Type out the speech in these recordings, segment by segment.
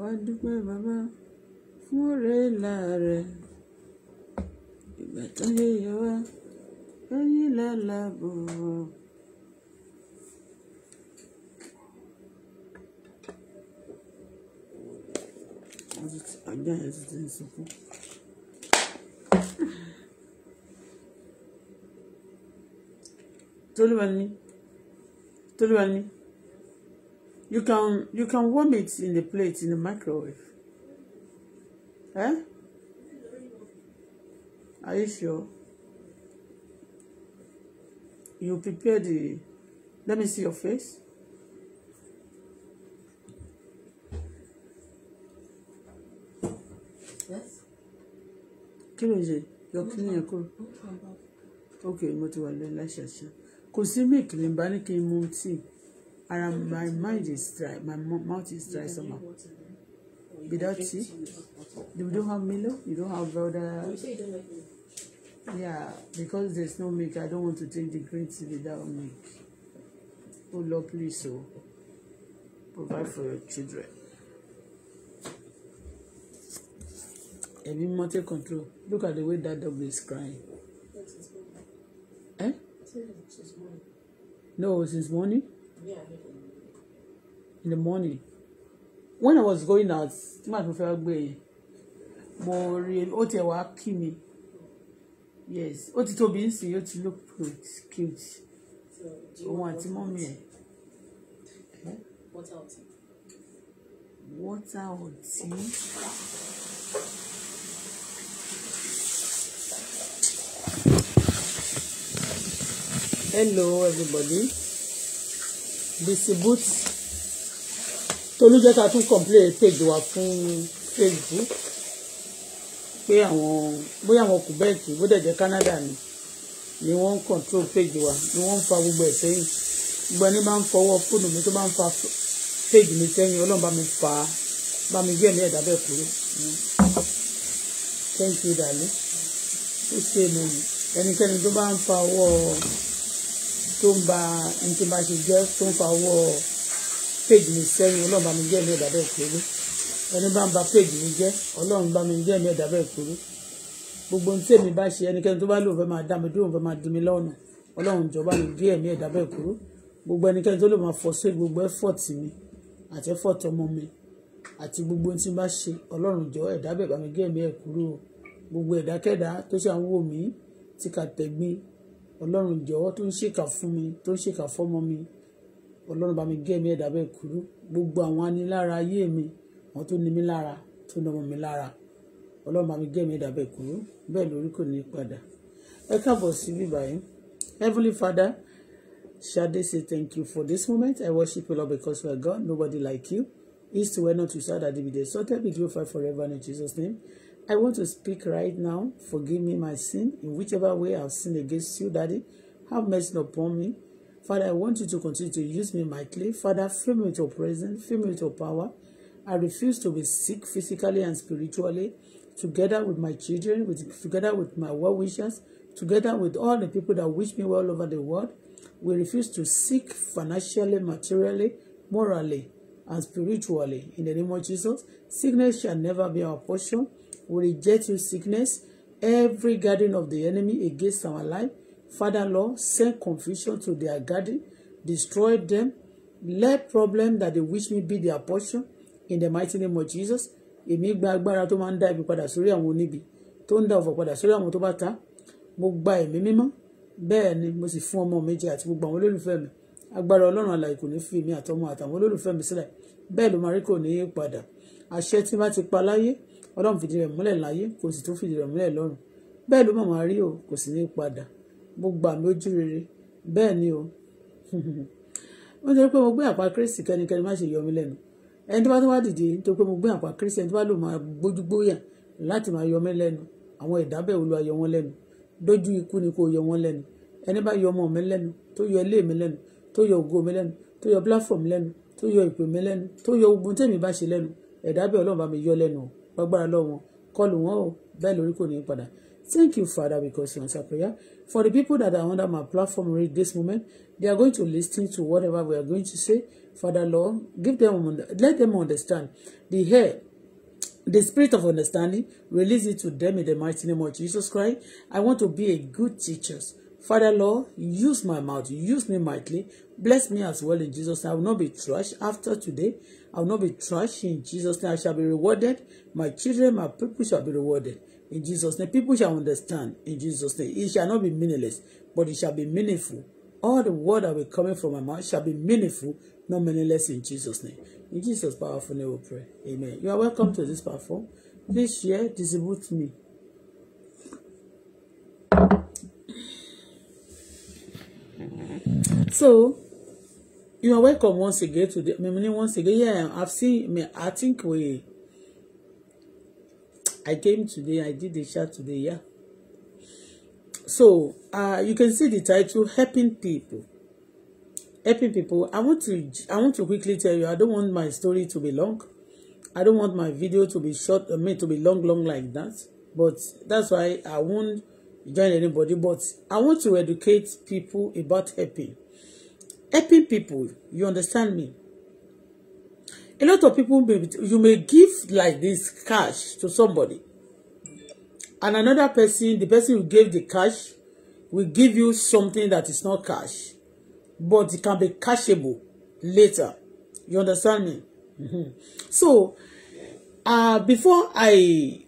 àwa dúpẹ́ bàbá fún òré ìlà rẹ̀ ìgbà tó yẹ yẹ wá ẹ̀yìn lẹ́la bò ó. ọjọ́ yẹn ti ti ń ni. You can you can warm it in the plate in the microwave. Eh? Are you sure? You prepare the. Let me see your face. Yes. Kí ló ń ṣe? Yọ kí Okay, yẹn kúrò? Ok, mo ti wà lẹ́yìn ara my mind is dry my mouth is dry somehow without tea you don't have Milo you don't have other yeah because there's no milk I don't want to drink the green tea without milk oh Lord so provide for your children ẹ̀mí mọ́tẹ́ control look at the way that dog is crying eh? no since morning in the morning when I was going out tí màá fi fẹ́ gbé yẹn mo rí ó tiẹ̀ wá kí mi yes ó ti tóbi ń sìn ó ti look cute òun àti mọ́mí ẹ̀ eh? water ọtí. Hello everybody. Bisi Boots Tolú jẹ́ ká tún complain page wa fún Facebook pé àwọn bóyá àwọn Quebec bó dẹ̀ jẹ́ Canada ni ni wọ́n ń control page wa ni wọ́n ń fa gbogbo ẹ̀ sẹ́yìn gbogbo ẹni máa ń fọwọ́ fóònù mi tó máa ń fa page mi sẹ́yìn Ọlọ́run bá mi fa bá mi gbẹ̀mí ẹ̀dá bẹ́ẹ̀ kúrò thank you dàlú ó ṣe mo ẹnikẹ́ni tó bá ń fa ọwọ́ tó ń ba ẹni tí bá ṣe jẹ́ tó ń fa owó péjì mi sẹ́yìn ọlọ́run bá mi jẹ́ mi ẹ̀dá bẹ́ẹ̀ pẹ̀lú ẹni bá ń ba péjì mi jẹ́ ọlọ́run bá mi jẹ́ mi ẹ̀dá bẹ́ẹ̀ pẹ̀lú gbogbo ohun tí èmi bá ṣe ẹnikẹ́ni tó bá lò fẹ́ máa dá mi dóhùn fẹ́ máa di mi lọ́nà ọlọ́run jọba mi díẹ̀ mi ẹ̀dá bẹ́ẹ̀ pẹ̀lú gbogbo ẹnikẹ́ni tó lè máa fọ́ sí gbogbo ẹ́fọ̀tì mi àti ẹ́fọ̀tì ọmọ mi àti gbogbo ohun tí n bá ṣe ọlọ́run jọ ẹ̀dá bẹ́ẹ̀ bá mi gé mi ẹ̀ kúrò gbogbo ẹ̀dákẹ́dá tó ṣe àwọn wò kà tẹ̀gbin ọlọ́run jọ̀wọ́ tó ń ṣèkà fún mi tó ń ṣèkà fọ́mọ mi ọlọ́run bá mi gé mi ẹ̀dá bẹ́ẹ̀ kúrú gbogbo àwọn anilára ayé mi àwọn tó ní mi lára tó nọmọ mi lára ọlọ́run bá mi gé mi ẹ̀dá bẹ́ẹ̀ kúrú bẹ́ẹ̀ lórí kò ní padà ẹ káàbọ̀ sí bíbá yìí heavenly father Shade say thank you for this moment I worship you Lord because you are God nobody like you east to west north to south I dey be the exalted be glorified forever in Jesus name. I want to speak right now. Forgive me my sin in whichever way I've sinned against you, Daddy. Have mercy upon me. Father, I want you to continue to use me mightily. Father, fill me with your presence, fill me with your power. I refuse to be sick physically and spiritually, together with my children, with, together with my well wishers, together with all the people that wish me well over the world. We refuse to seek financially, materially, morally, and spiritually. In the name of Jesus, sickness shall never be our portion. We reject your sickness, every garden of the enemy against our life. Father, Lord, send confusion to their garden, destroy them. Let problem that they wish me be their portion. In the mighty name of Jesus, èmi gba agbára tó máa ń dá ibi padà sórí àwọn oníbi tó ń dá ọ̀fọ̀ padà sórí àwọn tó bá ta mo gba ẹ̀mí mímọ́ bẹ́ẹ̀ ni mo sì fún ọmọ mi jẹ àti gbogbo àwọn olólùfẹ́ mi agbára ọlọ́run alààyè kò ní fi èmi àtọmọ àtàwọn olólùfẹ́ mi sílẹ̀ bẹ́ẹ̀ ló máa rí kò ní í padà àṣẹ tí bá ti pa láyé ọlọ́run fìdí rẹ̀ múlẹ̀ láyé kò sì tún fìdí rẹ̀ múlẹ̀ lọ́run bẹ́ẹ̀ ló màmá rí o kò sì ní padà mo gbà mí ojú rere bẹ́ẹ̀ ni o wọ́n ti rí pé mo gbé àpá kírísì kẹ́nikẹ́ni má ṣe yọ mí lẹ́nu ẹni tó bá tó wá dìde nítorí pé mo gbé àpá kírísì ẹni tó bá lò máa gbójú gbóyà láti máa yọ mí lẹ́nu àwọn ẹ̀dá bẹ́ẹ̀ olúwa yọ wọ́n lẹ́nu dójú ikú ni kò yọ wọ́n lẹ́nu ẹni bá yọ ọmọ mi lẹ́nu tó yọ ilé mi lẹ́nu tó yọ ògo mi lẹ́nu tó yọ platform lẹ́nu tó yọ ìpè mi lẹ́nu tó yọ ogun tèmi bá ṣe lẹ́nu ẹ̀dá bẹ́ẹ̀ ọlọ́run bá mi yọ lẹ́nu gbàgbára lọ́wọ́ kọlù wọn o bẹ́ẹ̀ lórí kò ní í padà thank you father because you answer prayer for the people that are under my platform right this moment they are going to listen to whatever we are going to say father lord give them let them understand the hair the spirit of understanding release it to them in the mighty name of jesus christ i want to be a good teachers Father Lord, use my mouth, use me mightily. Bless me as well in Jesus' name. I will not be trash after today. I will not be trash in Jesus' name. I shall be rewarded. My children, my people shall be rewarded in Jesus' name. People shall understand in Jesus' name. It shall not be meaningless, but it shall be meaningful. All the word that will be coming from my mouth shall be meaningful, not meaningless in Jesus' name. In Jesus' powerful name we pray. Amen. You are welcome to this platform. Please share, distribute me. so you are welcome once again to the memory once again yeah I've seen me. I think we I came today I did the chat today yeah so uh, you can see the title helping people helping people I want to I want to quickly tell you I don't want my story to be long I don't want my video to be short I mean to be long long like that but that's why I won't join anybody but I want to educate people about helping helping people you understand me a lot of people may you may give like this cash to somebody and another person the person who gave the cash will give you something that is not cash but it can be cashable later you understand me mm-hmm. so uh before I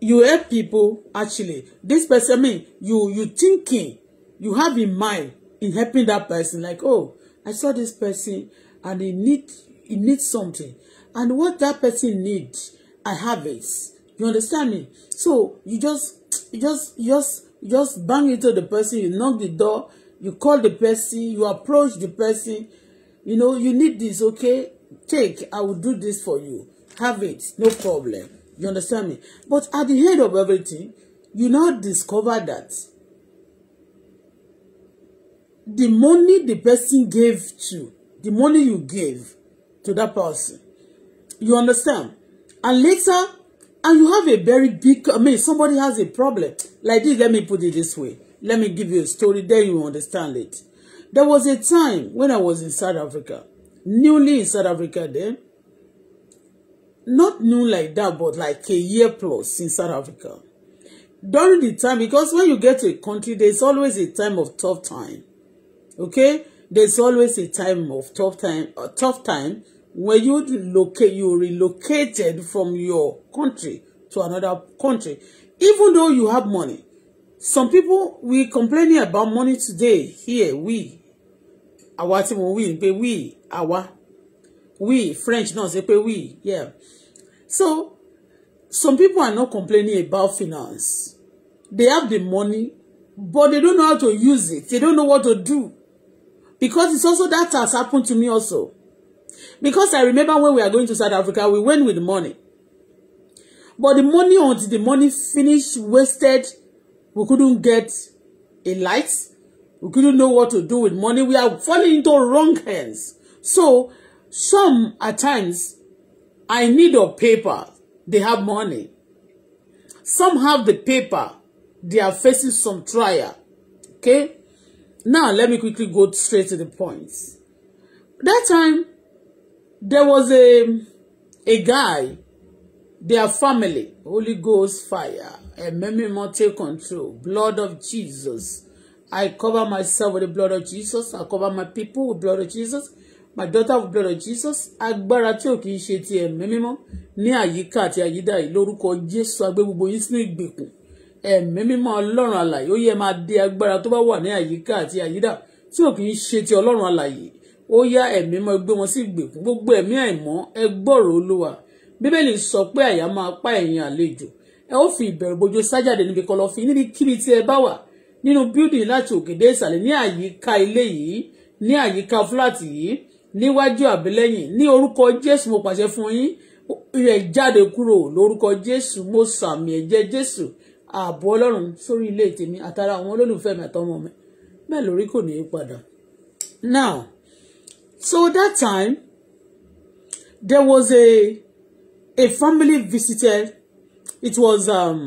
you help people actually this person I mean you you thinking you have in mind in helping that person like oh I saw this person and he need he need something and what that person need, I have it you understand me so you just you just you just you just bang into the person you knock the door you call the person you approach the person you know you need this okay take I will do this for you have it no problem you understand me but at the head of everything you now discover that the money the person gave to, the money you gave to that person. You understand? And later, and you have a very big, I mean, somebody has a problem. Like this, let me put it this way. Let me give you a story, then you understand it. There was a time when I was in South Africa, newly in South Africa then, not new like that, but like a year plus in South Africa. During the time, because when you get to a country, there's always a time of tough time okay there's always a time of tough time A uh, tough time when you locate you relocated from your country to another country even though you have money some people we complaining about money today here we our team mo wí pé we our, we French náà ṣe pé we yeah so some people are not complaining about finance they have the money but they don't know how to use it they don't know what to do Because it's also that has happened to me also. Because I remember when we are going to South Africa, we went with money. But the money until the money finished, wasted, we couldn't get a light. We couldn't know what to do with money. We are falling into wrong hands. So, some at times, I need of paper. They have money. Some have the paper. They are facing some trial. Okay? Now, let me quickly go straight to the points. That time, there was a, a guy, their family, Holy Ghost fire, and memory more take control, blood of Jesus. I cover myself with the blood of Jesus. I cover my people with blood of Jesus. My daughter with blood of Jesus. Agbára tí ò kìí ṣe ti ẹ̀mí mímọ́ ní àyíká àti àyídà yìí lórúkọ Jésù agbé gbogbo yín sínú ìgbèkùn ẹ̀mí mímọ́ ọlọ́run àlàyé ó yẹ máa dé agbára tó bá wà ní àyíká àti àyídà tí ò kì í ṣe ti ọlọ́run àlàyé ó yá ẹ̀mí mọ́ gbé wọn sí ìgbèkùn gbogbo ẹ̀mí àìmọ́ ẹ gbọ́rọ̀ olúwa bíbélì sọ pé àyà máa pa ẹ̀yin àlejò ẹ ó fi ìbẹ̀rù bojo sájàde níbi kọ̀lọ̀fín níbi kíbi tí ẹ bá wà nínú bíúdìn láti òkè dé ìsàlẹ̀ ní àyíká ilé yìí ní àyíká fúláàtì yìí níwájú àbílẹ́yìn ní orúkọ jésù mo pàṣẹ fún yín ẹ jáde kúrò lórúkọ jésù mo sàmì ẹ̀jẹ̀ jésù ààbò ọlọ́run sórí ilé tèmi àtàrà àwọn olólùfẹ́ mi àtọmọ mi bẹ́ẹ̀ lórí kò ní í padà. now so that time there was a a family visited it was um,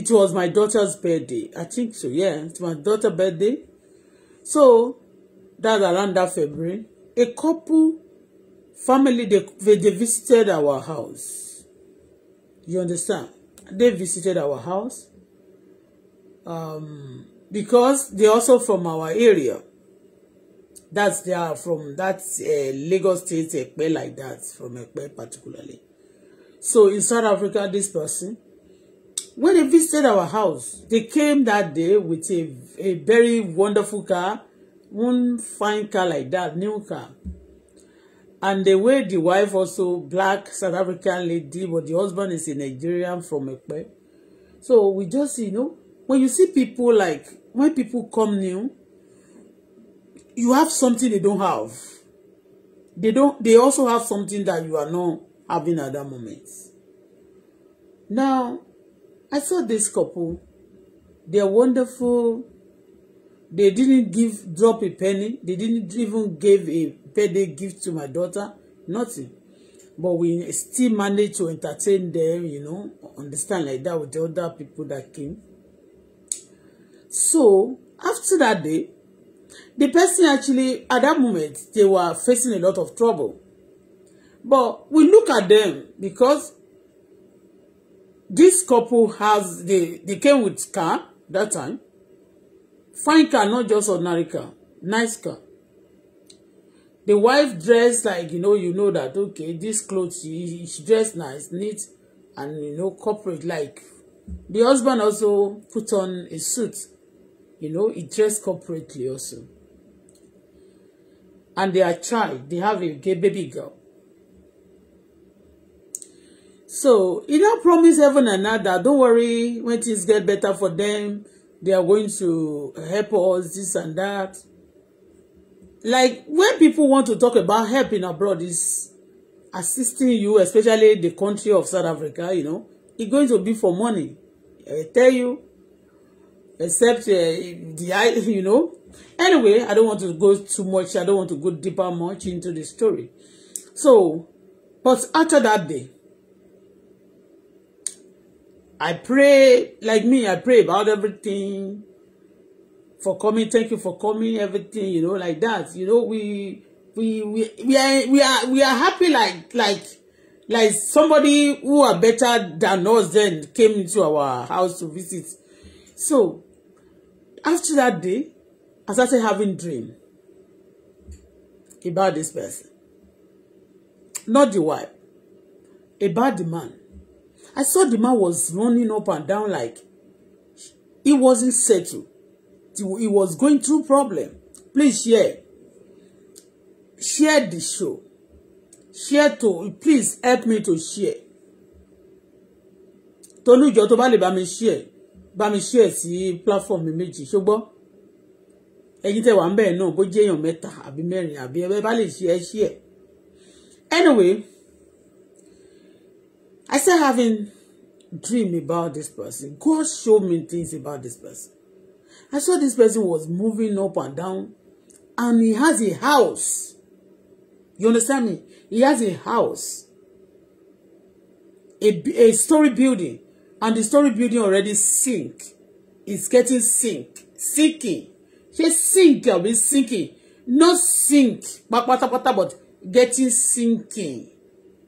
it was my daughter's birthday i think so yeah it's my daughter' birthday so that around that february a couple family they, they visited our house you understand they visited our house um, because they're also from our area. That's they are from that uh, Lagos State Ekpe like that from Ekpe particularly. So in South Africa, this person, when they visited our house, they came that day with a, a very wonderful car, one fine car like that, new car. And the way the wife also black South African lady, but the husband is a Nigerian from Ekpe. So we just, you know, when you see people like, when people come new, you have something they don't have. They don't, they also have something that you are not having at that moment. Now, I saw this couple. They're wonderful. They didn't give, drop a penny. They didn't even give a birthday gift to my daughter nothing but we still manage to entertain them you know understand like that with the other people that came so after that day the person actually at that moment they were facing a lot of trouble but we look at them because this couple has they they came with car that time fine car not just ordinary car nice car the wife dress like you know you know that okay this clothes she, she dress nice neat and you know corporate like the husband also put on a suit you know he dressed corporately also and they are child they have a gay baby girl so he now promise heaven and earth that don't worry when things get better for them they are going to help us this and that like when people want to talk about helping abroad is assisting you especially the country of South Africa you know it's going to be for money I tell you except uh, the you know anyway I don't want to go too much I don't want to go deeper much into the story so but after that day I pray like me I pray about everything for coming. Thank you for coming. Everything, you know, like that. You know, we we we we are we are we are happy like like like somebody who are better than us then came into our house to visit. So after that day, I started having dream about this person. Not the wife, about the man. I saw the man was running up and down like he wasn't settled he was going through problem. Please share. Share the show. Share to, please help me to share. Tolújọ tó bá lè bá mi share, bá mi share sí platform mi méjì, ṣùgbọ́n ẹ̀yin tẹ́ wà ń bẹ̀ náà bó jẹ́ èèyàn mẹ́ta àbí mẹ́rin àbí ẹ bá share share. Anyway, I still having dream about this person. God showed me things about this person. I saw this person was moving up and down, and he has a house. You understand me? He has a house, a, a story building, and the story building already sink. It's getting sink, sinking. Ṣé sink be sinking? Not sink, pátápátá, but getting sinking.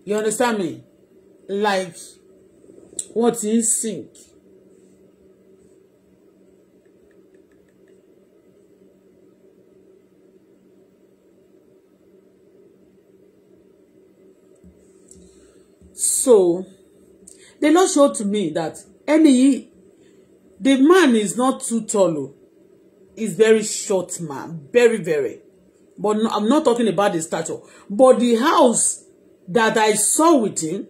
You understand me? Like, what is sink? So they not show to me that any the man is not too tall. Oh. He's very short man, very, very. But no, I'm not talking about the stature. But the house that I saw with him,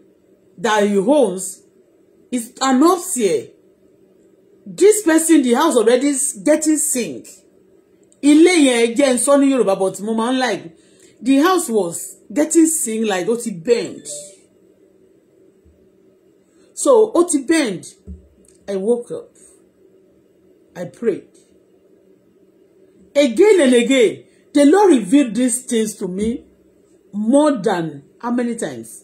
that he owns, is an upstairs. This person, the house already is getting sink. He lay here again, sọ ní Yorùbá, but mo like. The house was getting sink like ó he bent. So, ó ti bend. I woke up. I prayed. Again and again, the Lord revealed these things to me more than how many times?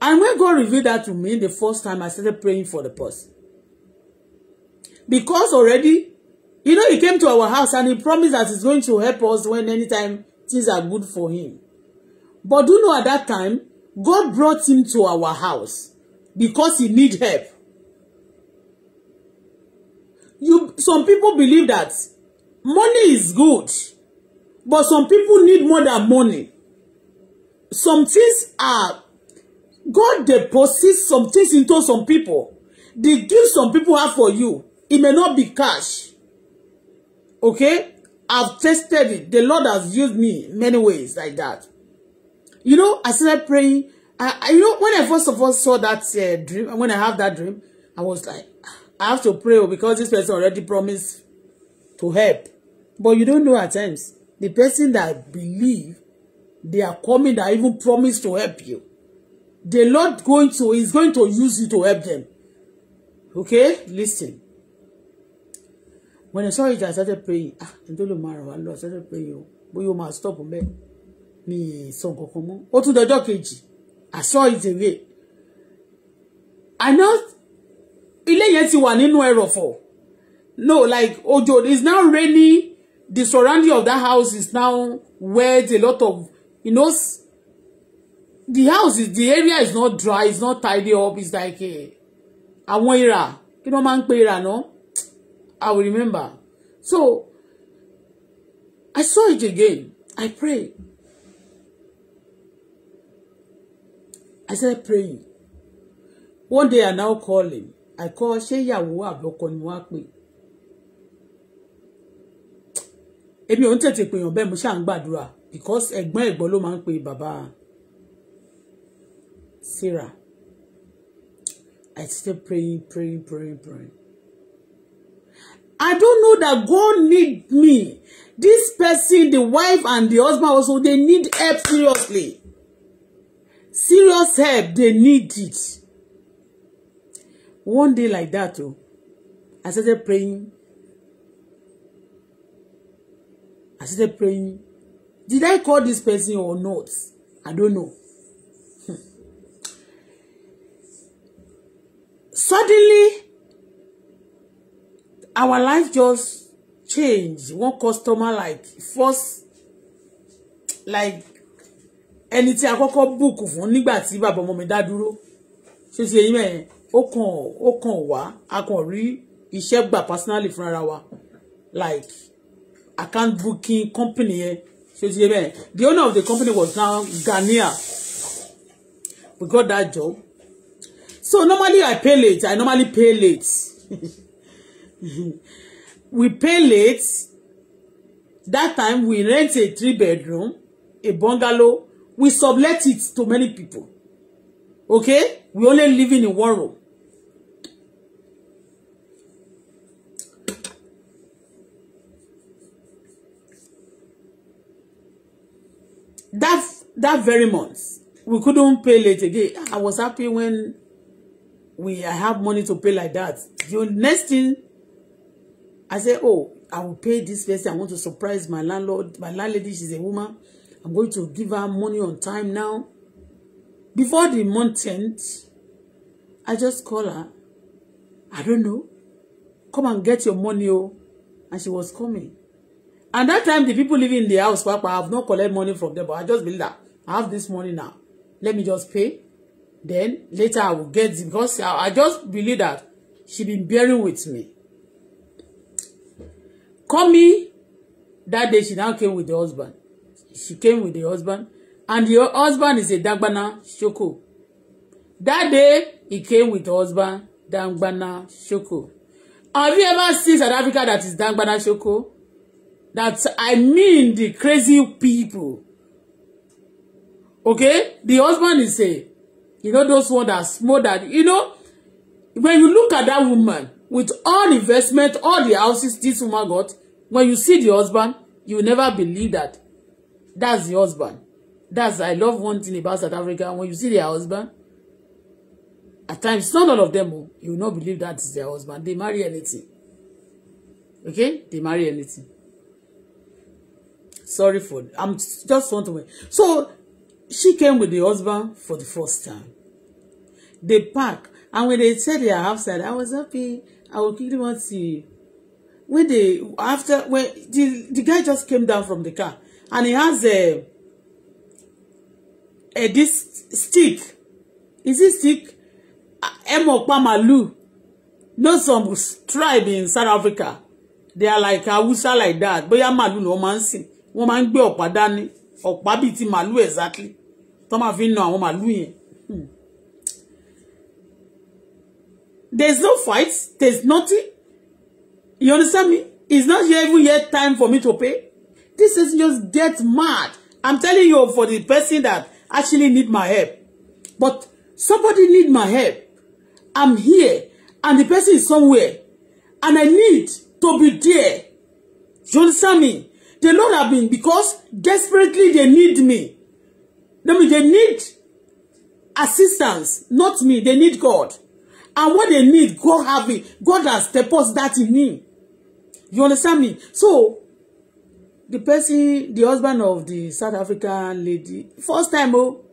And when God revealed that to me the first time, I started praying for the person. Because already, you know, he came to our house and he promised that he's going to help us when anytime things are good for him. But do you know at that time, God brought him to our house because he need help. You, some people believe that money is good, but some people need more than money. Some things are, God deposits some things into some people. The gift some people have for you, it may not be cash. Okay? I've tested it. The Lord has used me many ways like that. You know, I started praying I, I, you know, when I first of all saw that uh, dream, when I have that dream, I was like, ah, I have to pray oh, because this person already promised to help. But you don't know at times, the person that believe they are coming that even promised to help you, the Lord going to is going to use you to help them. Okay, listen. When I saw it, I started praying. Ah, I don't know, Mara, started praying. But you must stop me. Me, so go come on. Ó tún dọjọ́ kejì. I saw it away. I know ilé yẹn ti wà nínú ẹrọ̀fọ̀. No, like ojo, it's now rainy. The surrounding of that house is now wet. A lot of, you know, the house is, the area is not dry, it's not tidy up. It's like a, eh, àwọn ìrà, kí ló máa ń pe ìrà náà? I will remember. So, I saw it again. I prayed. I started praying. One day I now call him. I call ṣé ìyàwó àbọ̀kọ ni wọ́n á pè. Èmi ò ń tètè pèèyàn bẹ́ẹ̀ mo ṣáà ń gbàdúrà because ẹ̀gbọ́n ẹ̀gbọ́n ló máa ń pe bàbá Sarah. I still praying, praying, praying, praying. I don't know that God need me. This person, the wife and the husband also, they need help seriously serious help they need it one day like that oh i started praying i started praying did i call this person or not i don't know hmm. suddenly our life just changed. one customer like first like ẹni tí a kọ́kọ́ bùkù fún nígbà tí bàbá ọmọ mi dá dúró ṣé ṣe yín mẹ́rin ó kàn ó kàn wá a kàn rí iṣẹ́ gbà personally fúnra wa like account booking company yẹn ṣé ṣe mẹ́rin the owner of the company was now Ghanaian we got that job so normally I pay late I normally pay late we pay late that time we rent a three bedroom a bungalow We sublet it to many people. Okay? We only live in a world. That that very month, we couldn't pay late again. I was happy when we I have money to pay like that. The next thing, I said, oh, I will pay this person. I want to surprise my landlord. My landlady, she's a woman. I'm going to give her money on time now. Before the month ends, I just call her. I don't know. Come and get your money, oh. And she was coming. And that time, the people living in the house, Papa, I have not collect money from them, but I just believe that I have this money now. Let me just pay. Then later I will get it because I, just believe that she been bearing with me. Call me that day she now came with the husband she came with the husband and the husband is a Dangbana Shoko that day he came with the husband Dangbana Shoko have you ever seen South Africa that is Dangbana Shoko that I mean the crazy people okay the husband is a you know those one that small that you know when you look at that woman with all investment all the houses this woman got when you see the husband you never believe that That's the husband. That's I love one thing about South Africa. When you see their husband, at times not all of them oh, you will not believe that is their husband. They marry anything. Okay? They marry anything. Sorry for I'm just want to so she came with the husband for the first time. They park, and when they said they are outside, I was happy. I will quickly want to see when they after when the, the guy just came down from the car and he has a a this stick is eh, it stick emo pamalu No some tribe in South Africa they are like Hausa like that bóyá màlúù ni wọ́n máa ń sìn wọ́n máa ń gbé ọ̀pá ti malu exactly tó máa fi ń na àwọn màlúù yẹn. Hmm. no fight There's nothing you understand me it's not even yet time for me to pay This is just get mad. I'm telling you for the person that actually need my help. But somebody need my help. I'm here and the person is somewhere. And I need to be there. You understand me? The Lord have been because desperately they need me. They, mean, they need assistance, not me. They need God. And what they need, God have it. God has deposited that in me. You understand me? So the person the husband of the South African lady first time oh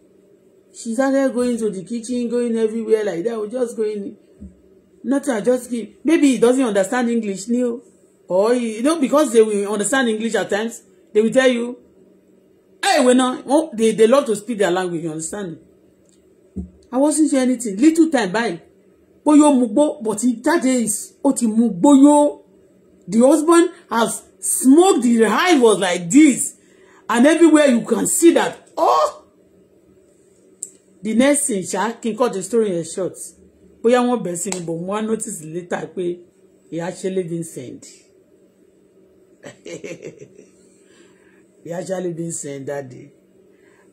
she started going to the kitchen going everywhere like that we oh, just going nothing I just keep maybe he doesn't understand English new or he, you know because they will understand English at times they will tell you hey we no oh, they they love to speak their language you understand I wasn't sure anything little time bye boyo mugbo but he that day is ó yo the husband has smoke the hive was like this and everywhere you can see that oh the next thing ṣá kí cut the story yẹn short bóyá wọ́n bẹ̀ sí ni but wọ́n á notice later actually been sent. He actually been sent that day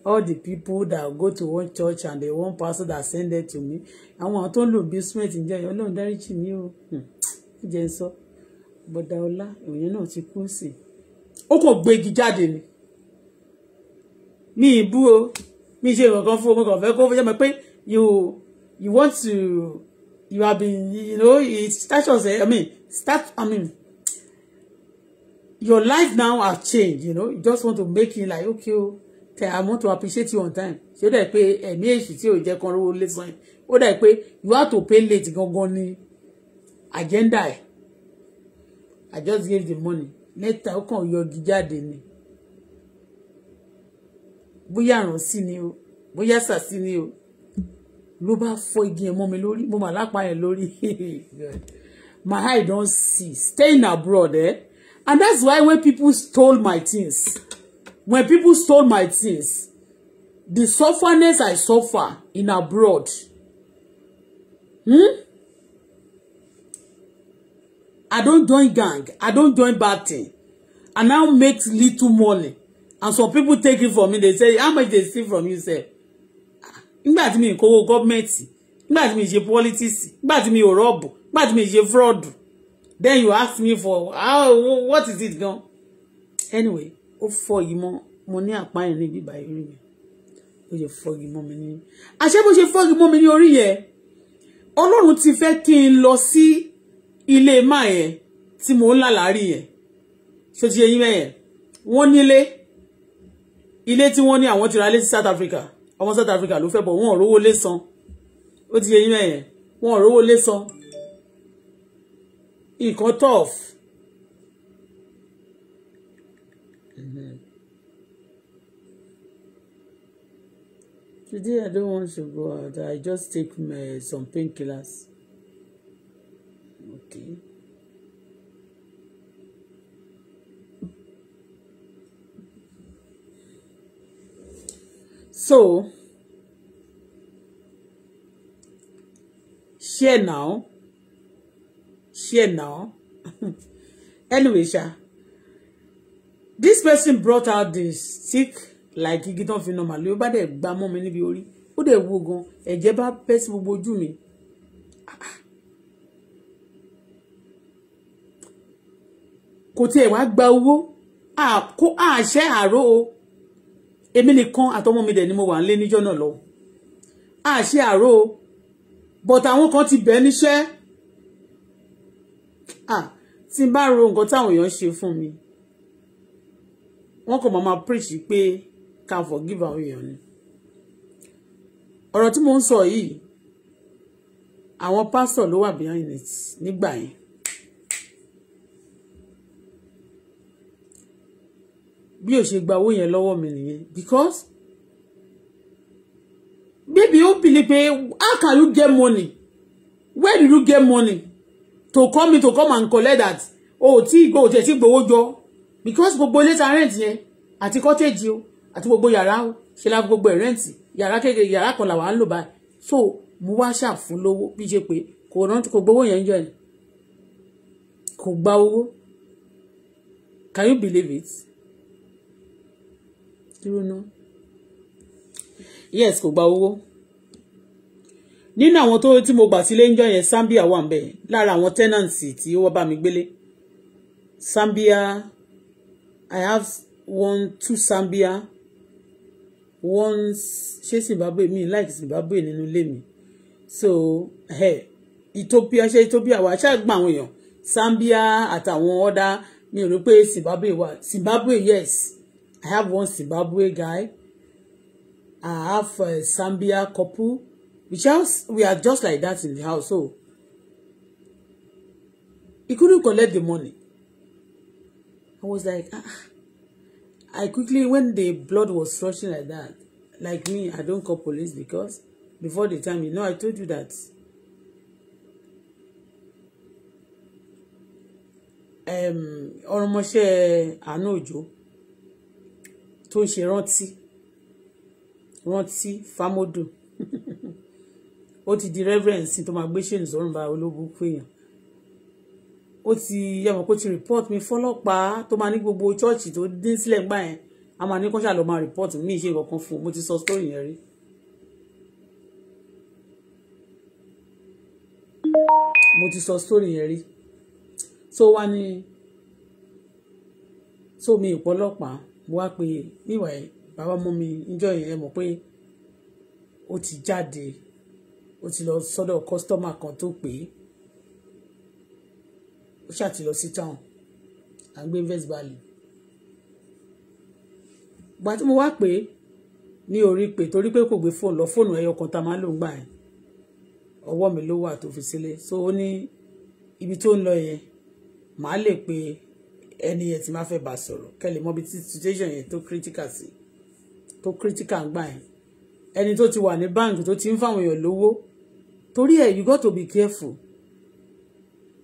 all the people that go to one church and the one pastor that send it to me I want to lò bí smith ń jẹ́ ọlọ́run dáríjì mí o jẹ́ ń So bọ̀dà ọlá òyìn náà ti kú sí ó kò gbégi jáde ni mi ì bú o mi ṣe nǹkan fún ọmọ kan fẹ́ kó fẹ́ pé you you want to you have been you know it status i mean start i mean your life now has changed you know you just want to make it like okay o tẹ i want to appreciate you on time ṣé ó dẹ̀ pé ẹ̀mí èṣù tí ò jẹ́ kan rówó lẹ́sàn-án ó dẹ̀ pé you have to pay late gangan ni agenda ẹ̀. I just gave the money mẹ́ta ó kàn yọgi jáde ni Boya àrùn sí ni o bóyá sà sí ni o ló bá fọ́ igi ẹ̀ mọ́ mi lórí mo mà lápá yẹn lórí my eye don't see staying abroad eh and that's why when people stole my things when people stole my things the sufferness I suffer in abroad. Hmm? I don't join gang. I don't join bad thing. I now make little money. And some people take it from me. They say, how much they steal from you? Say, nígbà tí mi kówó gọ́ọ̀mẹ̀ntì, nígbà tí mi ṣe politics, nígbà tí mi ò rọ́ọ̀bù, nígbà tí mi ṣe fraud. Then you ask me for, how, what is it gan? Anyway, ó fọ yìí mọ́, mo ní àpá yẹn níbi ìbàyẹ̀ orí mi. Ó ṣe fọ́gi mọ́ mi ní. Àṣé bó ṣe fọ́gi mọ́ mi ní orí yẹn, Ọlọ́run ti fẹ́ kí n lọ sí. Si ilé máa yẹn tí mò ń lálàárí yẹn ṣó ti yẹ yín mẹ́yẹn nílé ilé tí wọ́n ní àwọn ti ra lé sí South Africa ọmọ South Africa ló fẹ́ bọ̀ wọ́n rówó lé san ó ti yẹ yín mẹ́yẹn rówó lé san nǹkan tough. Today I don't want to go out. I just take my, eh, some painkillers dé. So, share now. Share now. Anyway, sha. This person brought out the stick like igi tó ń fi normal ló bá dẹ̀ gbá mọ́ mi níbi orí. Ó dẹ̀ wo gan. Ẹ̀jẹ̀ bá bẹ́ sí gbogbo ojú mi. Ah ah. kò tiẹ̀ wá gba owó àkó àṣẹ àró o èmi nìkan àtọmọ mi dẹ̀ ni mo wà ń lé níjọ́ náà lọ àṣẹ àró o but àwọn kan ti bẹ̀ níṣẹ́ tí n bá ro nǹkan táwọn èèyàn ṣe fún mi wọ́n kò máa preach pé ká forgive àwọn èèyàn ni ọ̀rọ̀ tí mo ń sọ yìí àwọn pásítọ̀ ló wà behind it nígbà yẹn bí o ṣe gba owó yẹn lọ́wọ́ mi nìyẹn because baby ó bìlì pé how can you get money where did you get money to come in to come and collect that o ò tí gbowó tẹ̀ tí gbowó jọ because gbogbo ilé ta rent yẹn àti cottage o àti gbogbo yàrá o ṣe la gbogbo ẹ̀ rent yàrá kékeré yàrá kan làwọn á ń lò báyìí so mo wá ṣàfún lówó bí ṣe pé kò rántí kò gbowó yẹn jọ ẹ̀ kò gba owó can you believe it dúró ná yes kò gba owó nínú àwọn tó tí mo gbà sílé ń jọ yẹn Zambia wà nbẹ lára àwọn tenancy tí ó wá bá mi gbélé Zambia I have one two Zambia one ṣé Zimbabwe mi like Zimbabwe nínú ilé mi so hey, eh, Ethiopia ṣe Ethiopia wà ṣáà gbà àwọn èèyàn Zambia àtàwọn ọ̀dà mi ò rí pé Zimbabwe wà Zimbabwe yes I have one Zimbabwe guy. I have a Zambia couple. Which else? we are just like that in the house. So He couldn't collect the money. I was like, ah. I quickly, when the blood was rushing like that, like me, I don't call police because before the time, you know, I told you that um, almost I know òjò tó ń ṣe rántí rántí fámódù ó ti di reverence tó máa gbé ṣèǹsì ọ̀run bá ológun péyàn ó ti yẹmọ kó ti report mi fọ́lọ́pàá tó máa ní gbogbo chọọchì tó dín sílẹ̀ gbà yẹn a máa ní kó ṣàlọ máa report mi ìṣe kankan fún un mo ti sọ story yẹn rí. mo ti sọ story yẹn rí tó wá ní tó mi ìpọlọpàá mo wá pé níwàá bàbá mú mi níjọ́ yẹn mọ̀ pé ó ti jáde ó ti lọ sọ́dọ̀ kọ́sítọ́mà kan tó pé o ó ṣàti lọ sí town à invest gbà tí mo wá ní orí pé torí pé kò gbé fóònù lọ fóònù ẹyọ kan tá a máa gbà yẹn so ó ní ibi tó ń lọ yẹn màá pe ẹni yẹn ti máa fẹ́ bá sọ̀rọ̀ kẹ́lẹ̀ mọ́bi tí situation yẹn tó critical sí tó critical gbà yẹn ẹni tó ti wà ní bank tó ti ń fáwọn èèyàn lówó torí ẹ̀ you got to be careful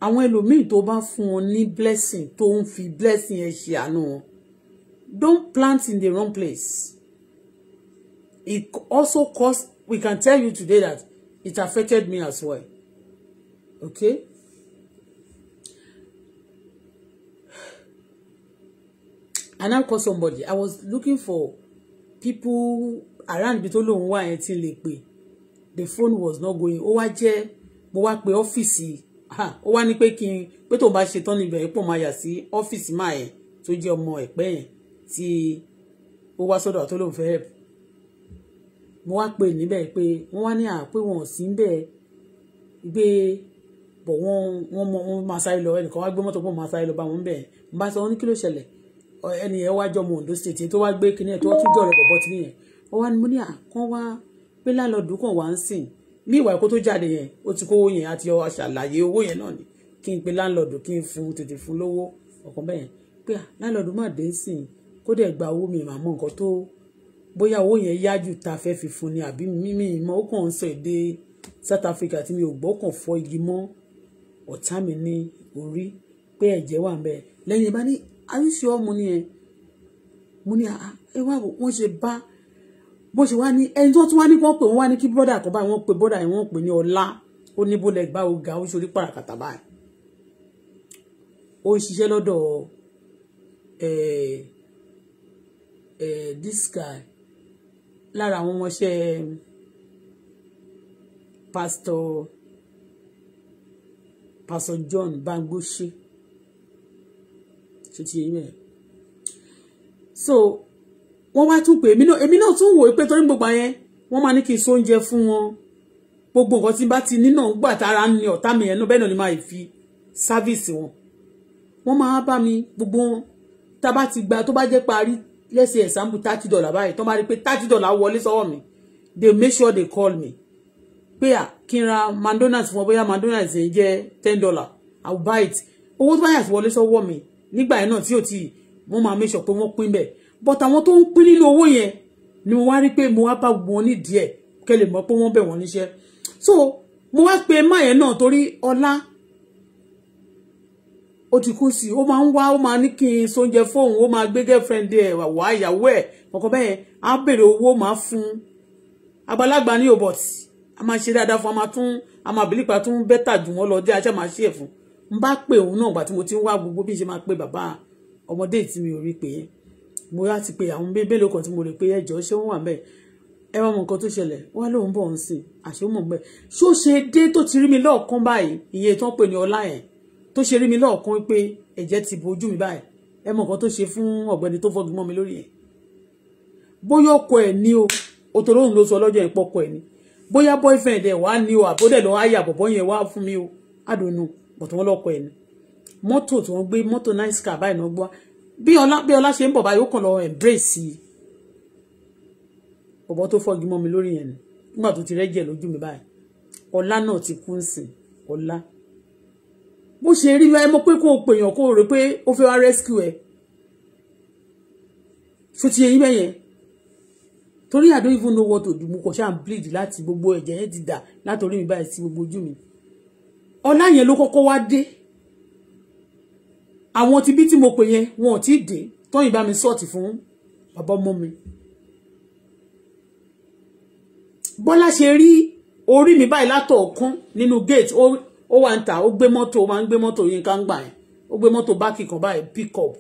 àwọn ẹlòmíì tó bá fún wọn ní blessing tó ń fi blessing yẹn ṣe àánú wọn don't plant in the wrong place it also cause we can tell you today that it affected me as well okay I now call somebody I was looking for people around ibi tó lóun wà yẹn tí n lè the phone was not going ó wá jẹ́ mo wá pe ọ́fíìsì ó wá ní pé kí n pé tó bá ṣe tán níbẹ̀ pọ̀ máa yà sí ọ́fíìsì máa yẹn tó jẹ́ ọmọ ẹ̀pẹ́ yẹn tí ó wá sọ́dọ̀ tó lóun fẹ́ help mo wá pè níbẹ̀ pé wọ́n wá ní à pé wọn ò sí níbẹ̀ gbé bọ̀ wọ́n wọ́n máa sáré lọ ẹnìkan wá gbé mọ́tò pọ̀ máa sáré lọ bá wọn bẹ̀ ń bá sọ wọn ní kí ló ṣẹlẹ̀ ẹni yẹn wájọ ọmọ Ondo state tó wá gbé kinní ẹ̀ tó tún jọ̀rọ̀ bọ̀bọ̀ tí nìyẹn wọ́n wá ní mo ní àkán wá pé lálọ́ọ̀dù kan wá ń sìn ní ìwà ẹ̀kọ́ tó jáde yẹn ó ti kówó yẹn àti ṣàlàyé owó yẹn náà ni kí n pe láńlọ́ọ̀dù kí n fún tètè fún lówó ọ̀kan bẹ́ẹ̀ pé láńlọ́ọ̀dù má dé sìn kó dẹ̀ gba owó mi màmú nǹkan tó bóyá owó yẹn yá jù ta fẹ́ fi fún ni àbí mímí ìmọ̀ ó kàn ń sọ èdè South Africa tí mi ò gbọ́ kàn fọ́ igi mọ́ ọ̀tá mi ní orí pé ẹ̀jẹ̀ wà ń bẹ̀ lẹ́yìn bá ní are you sure mo ní ẹ mo ní ẹ wá wọ́n ṣe bá bó ṣe wá ní ẹni tó tún wá ní kí wọ́n pè wọ́n wá ní kí bọ́dà kan báyìí wọ́n pè bọ́dà yẹn wọ́n pè ní ọlá ó ní bó lẹ́gbàá ọ̀gá ó ṣorí pàràkàtà báyìí ó ṣiṣẹ́ lọ́dọ̀ this guy lára àwọn ọmọọṣẹ́ pastor pastor John Bangoshe ṣe ti yẹ yẹn so wọ́n wá tún pè èmi náà èmi náà tún wò pé torí gbogbo yẹn wọ́n máa ní kí n so oúnjẹ fún wọn gbogbo nǹkan tí n bá ti ní náà gbà tára ń ní ọ̀tá mi yẹn náà bẹ́ẹ̀ náà ni máa fi sáfíìsì wọn wọ́n máa bá mi gbogbo wọn tá a bá ti gba tó bá jẹ́ parí lẹ́sẹ̀ ẹ̀sánbù thirty dollar báyìí tó bá rí i pé thirty dollar wọlé sọ́wọ́ mi they make sure they call me pé à kí n ra mandonat fún ọ bóyá mandonat yẹn jẹ́ ten dollar i will buy it owó tó bá yà sí wọlé sọ́wọ́ mi nígbà yẹn náà tí ò tí wọ́n máa make pé wọ́n pín bẹ́ẹ̀ but àwọn tó ń pín nínú owó yẹn ni mo wá rí pé mo wá bá gbogbo wọn ní díẹ̀ kẹ́ lè mọ̀ pé wọ́n bẹ̀ wọ́n níṣẹ́ so mo wá pe má yẹn náà torí ọlá ó ti kú sí ó máa ń wá ó máa ní kí n sóúnjẹ fóun ó máa gbé girlfriend ẹ wá ìyàwó ẹ kọkọ bẹ́ẹ̀ á béèrè owó máa fún àgbàlagbà ní òbọ̀tì a máa ṣe dáadáa fún a máa tún a máa bìlípa tún bẹ́tà jù wọ́n lọ dé ajá máa ṣe ẹ̀ fún n bá pè òun náà gbà tí mo ti ń wá gbogbo bí ṣe máa pe bàbá ọmọdé tí mi ò rí pé yẹn mo láti pe àwọn bébélò kan tí mo rè pé ẹjọ́ ṣé wọ́n wà bẹ́ẹ̀ ẹ wọ́n mọ nǹkan to ṣẹlẹ̀ wọ́n lóun bọ̀ ń sìn àṣé ó mọ̀ bẹ́ẹ̀ ṣó ṣe ti rí mi lọ́ọ̀kan báyìí iye tó ń pè ní ọlá yẹn tó ṣe rí mi lọ́ọ̀kan pé ẹ̀jẹ̀ ti bojú mi báyìí E mo nǹkan tó ṣe fún ọ̀gbẹ́ni to fọ́gi mọ́ mi lórí yẹn bóyá ọkọ ẹ̀ ní o òtòlóhùn ló sọ lọ́jọ́ ìpọ́kọ ẹ̀ ní bóyá boyfriend ẹ̀ wá ní o àbódẹ̀ lọ́ọ́ àyà bọ̀bọ́ yẹn wá fún mi o I don't know bọ̀tí wọ́n lọ́kọ̀ ẹ̀ ni mọ́tò tí wọ́n gbé mọ́tò nice car báyìí náà gbọ́ bí ọlá bí ọlá ṣe ń bọ̀ báyìí ó kàn lọ embrace i bọ̀bọ̀ tó fọ́gi mọ́ mi lórí yẹn ni nígbà tó ti rẹ́jẹ̀ lójú mi báyìí ọlá náà ti kú sí ọlá bó ṣe rí ẹ mọ̀ pé kó o pèèyàn kó o rò pé ó fẹ́ wá rescue ẹ ṣó ti yẹ yín bẹ́yẹn torí I don't even know what to do mo kàn ṣáà bleed láti gbogbo ẹ̀jẹ̀ ẹ̀ ti dà látòrí mi báyìí sí gbogbo ojú mi ọlá yẹn ló kọ́kọ́ wá dé àwọn tibí tí mo pè yẹn wọn ò tí ì dé tọ́yìn bá mi sọ́ọ̀tì fún bàbá ọmọ mi bọ́lá ṣe rí orí mi báyìí látọ̀ ọ̀kan nínú gate ó wà ń tà ó gbé mọ́tò ó máa ń gbé mọ́tò yín ká ń gbà yẹn ó gbé mọ́tò báàkì kan báyìí pick up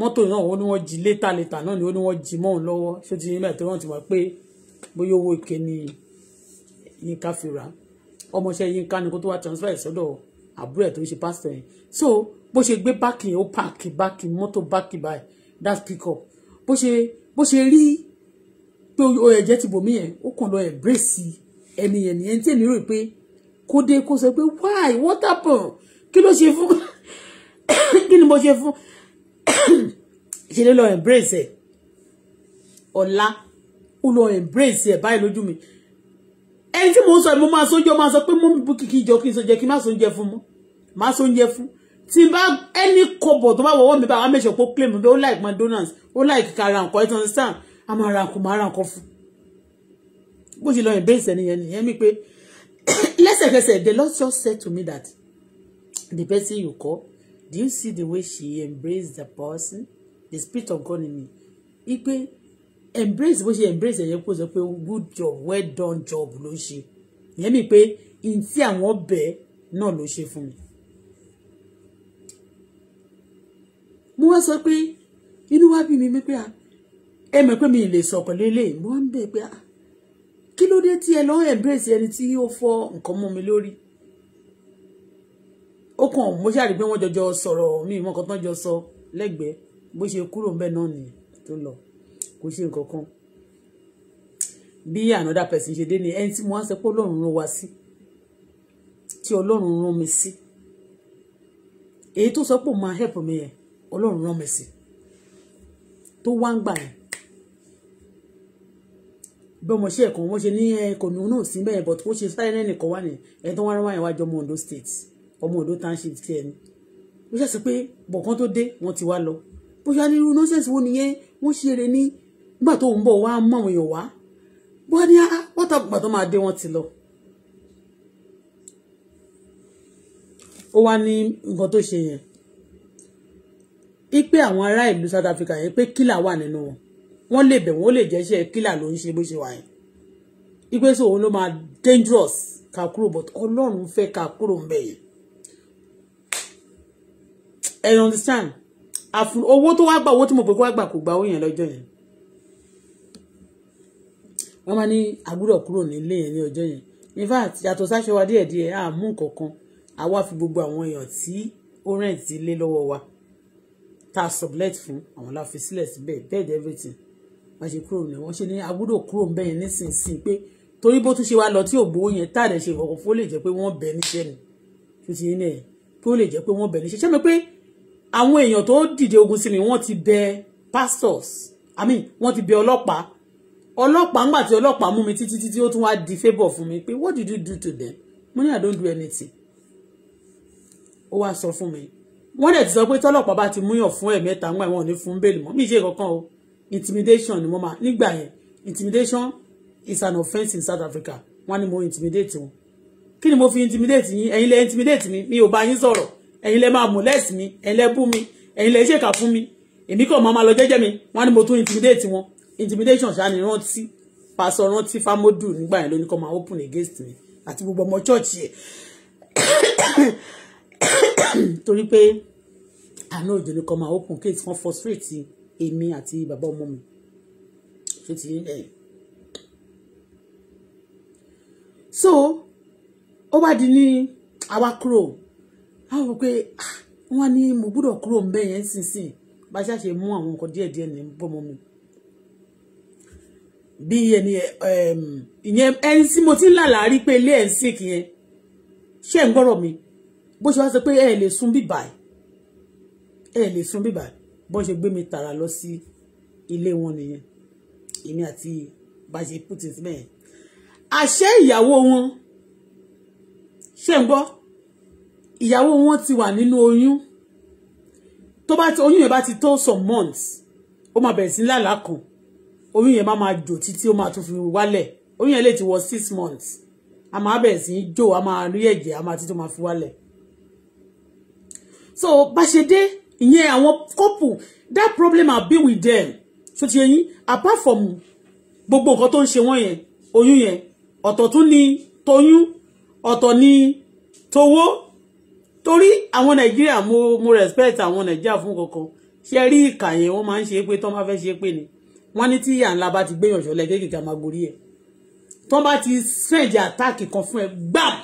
mọ́tò náà ó ní wọ́n jí létà létà náà ni ó ní wọ́n jí mọ́ òun lọ́wọ́ ṣé ti yín mẹ́tọ́ wọn ti wọ́n pé bóyá owó ìké ni yín ká fi rà á ọmọọṣẹ́ yín ká ni kó tó wá transfer sọ́dọ̀ àbúrò ẹ̀ tó ń ṣe pásítọ̀ yẹn so bó ṣe gbé báàkì yẹn ó páàkì báàkì mọ́tò báàkì báyìí that's pick up bó ṣe bó ṣe rí pé o ẹ̀jẹ̀ ti bòmí yẹn ó kàn lọ embrace ẹni yẹn nìyẹn tí èmi rò pé kó dé kó sọ pé why what happen kí ló ṣe fún kí ni mo ṣe fún ṣe lè lọ embrace ẹ ọ̀la ó lọ embrace ẹ báyìí lójú mi ẹni tí mò ń sọ mo máa sóúnjẹ máa sọ pé mú mi bú kìkì ìjọ kí n sóúnjẹ kí n má sóúnjẹ fún mọ́ má sóúnjẹ fún tí n bá ẹni kọbọ̀ tó bá wọ́wọ́ mi bá wàá mẹ́sàn-án pé ó claim pé ó like McDonald's ó like kara nǹkan ẹ̀tọ́ understand a máa ra nǹkan máa ra nǹkan fún bó ṣe lọ yẹn bẹ́ẹ̀ sẹ́ni yẹn nìyẹn mi pé lẹ́sẹ̀kẹsẹ̀ the Lord just said to me that the person you call do you see the way she embraced the person the spirit of God in me embrace bó ṣe embrace ẹ̀yẹ kó sọ pé good job well done job ló ṣe ìyẹn mi pé n tí àwọn bẹ́ẹ̀ náà ló ṣe fún mi. mo wá sọ pé inú wá bí mi wípé ah, ẹ mọ̀ pé mi lè sọ pẹ̀lú eléyìí mo wá ń bẹ̀ pé ah, kí ló dé tí ẹ lọ́ embrace ẹni tí ó fọ́ nǹkan mọ́ mi lórí ó kàn mo ṣáà rí pé wọ́n jọjọ sọ̀rọ̀ mi ìmọ̀ kan tán jọ sọ lẹ́gbẹ̀ẹ́ bó ṣe kúrò ńbẹ̀ náà nìyẹn tó lọ kò ṣe nǹkan kan bí another person ṣe dé ni ẹni tí wọ́n á sọ pé ọlọ́run rán wa sí tí ọlọ́run rán mi sí èyí tó sọ pé òun máa help mi yẹn ọlọ́run rán mi sí tó wá ń gbà yẹn bí ọmọ ṣe ẹ̀kọ́ wọ́n ṣe ní ẹ̀kọ́ eh, ní òun náà sí bẹ́ẹ̀ but wọ́n ṣe sáyẹ́nẹ́ nìkan wá ní ẹ̀ tó wá rán wáyé wájú ọmọ Ondo state ọmọ Ondo township ti ẹni ó ṣàṣì pé bọ̀kan tó dé wọ́n ti wá lọ bó ní irú nọ́ọ̀sẹ̀sì wo nìyẹn wọ́n ṣe eré nígbà tó ń bọ̀ wá mú àwọn èèyàn wá wọ́n ní wọ́n tàbí pàtó máa dé wọ́n ti lọ. ó wá ní nǹkan tó ṣe yẹn ipe àwọn ará ìlú South Africa yẹn pé kílà wà nínú wọn wọ́n lè bẹ̀ wọ́n lè jẹ́ iṣẹ́ kílà ló ń ṣe bó ṣe wà yẹn ipe sọ òun ló máa dangerous ká kúrò but Ọlọ́run fẹ́ ká kúrò ń bẹ̀ yẹn ẹ understand àfun owó tó wá gbà owó tí mo pè kó wá gbà kò gba owó yẹn lọ́jọ́ yẹn wọ́n máa ní àgbúrọ̀ kúrò nílé yẹn ní ọjọ́ yẹn in fact yàtọ̀ sáṣọ wa díẹ̀ díẹ̀ a mú nǹkankan àwa fi gbogbo àwọn èèyàn tí ó rẹ̀ǹtì lé lọ́wọ́ wa tá sublet fún àwọn la sílẹ̀ síbẹ̀ bed everything wọ́n ṣe kúrò ní wọ́n ṣe ní àgbúrọ̀ kúrò ń bẹ̀yẹn nísinsìnyí pé torí bó tún ṣe wá lọ tí ògbówó yẹn tá àdẹ̀ ṣe ìwọ̀kọ̀ fó lè jẹ́ pé wọ́n bẹ̀ níṣẹ́ ni tó ti ní ẹ̀ pé ó lè jẹ́ pé wọ́n bẹ̀ níṣẹ́ ni wọ́n ti pastors i mean wọ́n ọlọ́pàá ńgbà tí ọlọ́pàá mú mi títí títí ó tún wá di favour fún mi pé what did you do to them mo ní I don't do anything ó wá sọ fún mi wọ́n dẹ̀ ti sọ pé tọ́lọ́pàá bá ti múyàn fún ẹ̀mẹ́ta ńgbà wọn ò ní fún bẹ́ẹ̀lì mọ́ mi ṣe kankan o intimidation ni mo máa nígbà yẹn intimidation is an offence in South Africa wọ́n ní mo intimidate wọn kí ni mo fi intimidate yín ẹ̀yin lẹ intimidate mi mi ò bá yín sọ̀rọ̀ ẹ̀yin lẹ máa molest mi ẹ̀yin lẹ bú mi ẹ̀yin lẹ ṣèkà fún mi èmi kò máa máa lọ jẹ́jẹ́ mi wọ́n ní mo tún intimidate wọn intimidation ṣáà ni rántí pásọ rántí fámódù nígbà yẹn lóní kọ́ máa open against me. àti gbogbo ọmọ church. ẹ̀ torí pé àná òjò ní kọ́ máa open case kan frustrate èmi àti bàbá ọmọ mi ṣé ti ń lẹ́yìn. so ó wá di ní àwa kúrò àwọn rò pé ah, wọ́n ní mo gbọ́dọ̀ kúrò ń bẹ yẹn sínsìn bá ṣáà ṣe mú àwọn nǹkan díẹ̀díẹ̀ ní bọ́mọ mi bí ẹni ìyẹn ẹni tí mo ti ń lálàá rí pé ilé ẹ̀ ń sìnkì yẹn ṣé ń gbọ́rọ̀ mi bó ṣe wá sọ pé ẹ lè sun bíbà ẹ lè sun bíbà bọ́n ṣe gbé mi tààrà lọ sí ilé wọn nìyẹn èmi àti bàṣẹ putin síbẹ̀ yẹn àṣẹ ìyàwó wọn ṣé ń gbọ́ ìyàwó wọn ti wà nínú oyún tó bá ti oyún yẹn bá ti tó some months ó máa bẹ̀rẹ̀ sí lálàá kan oyún yẹn máa máa jò títí ó máa tún fi wálẹ̀ oyún yẹn lè ti wọ six months a máa bẹ̀rẹ̀ sí í a máa rí ẹ̀jẹ̀ a máa títí ó máa fi wálẹ̀ so bá ṣe dé ìyẹn àwọn couple that problem have been with them so ti yẹn apart from gbogbo nǹkan tó ń ṣe wọ́n yẹn oyún yẹn ọ̀tọ̀ tún ni toyún ọ̀tọ̀ ni towó torí àwọn nàìjíríà mo mo respect àwọn nàìjíríà fún kankan ṣe rí ìkà yẹn wọ́n máa ń ṣe é pé tán bá ni wọ́n ní tí ìyá ńlá bá ti gbéyàn ṣọlẹ̀ kéékèèké a máa gorí ẹ̀ tó bá ti sẹ́ẹ̀jì àtáàkì kan fún ẹ gbàm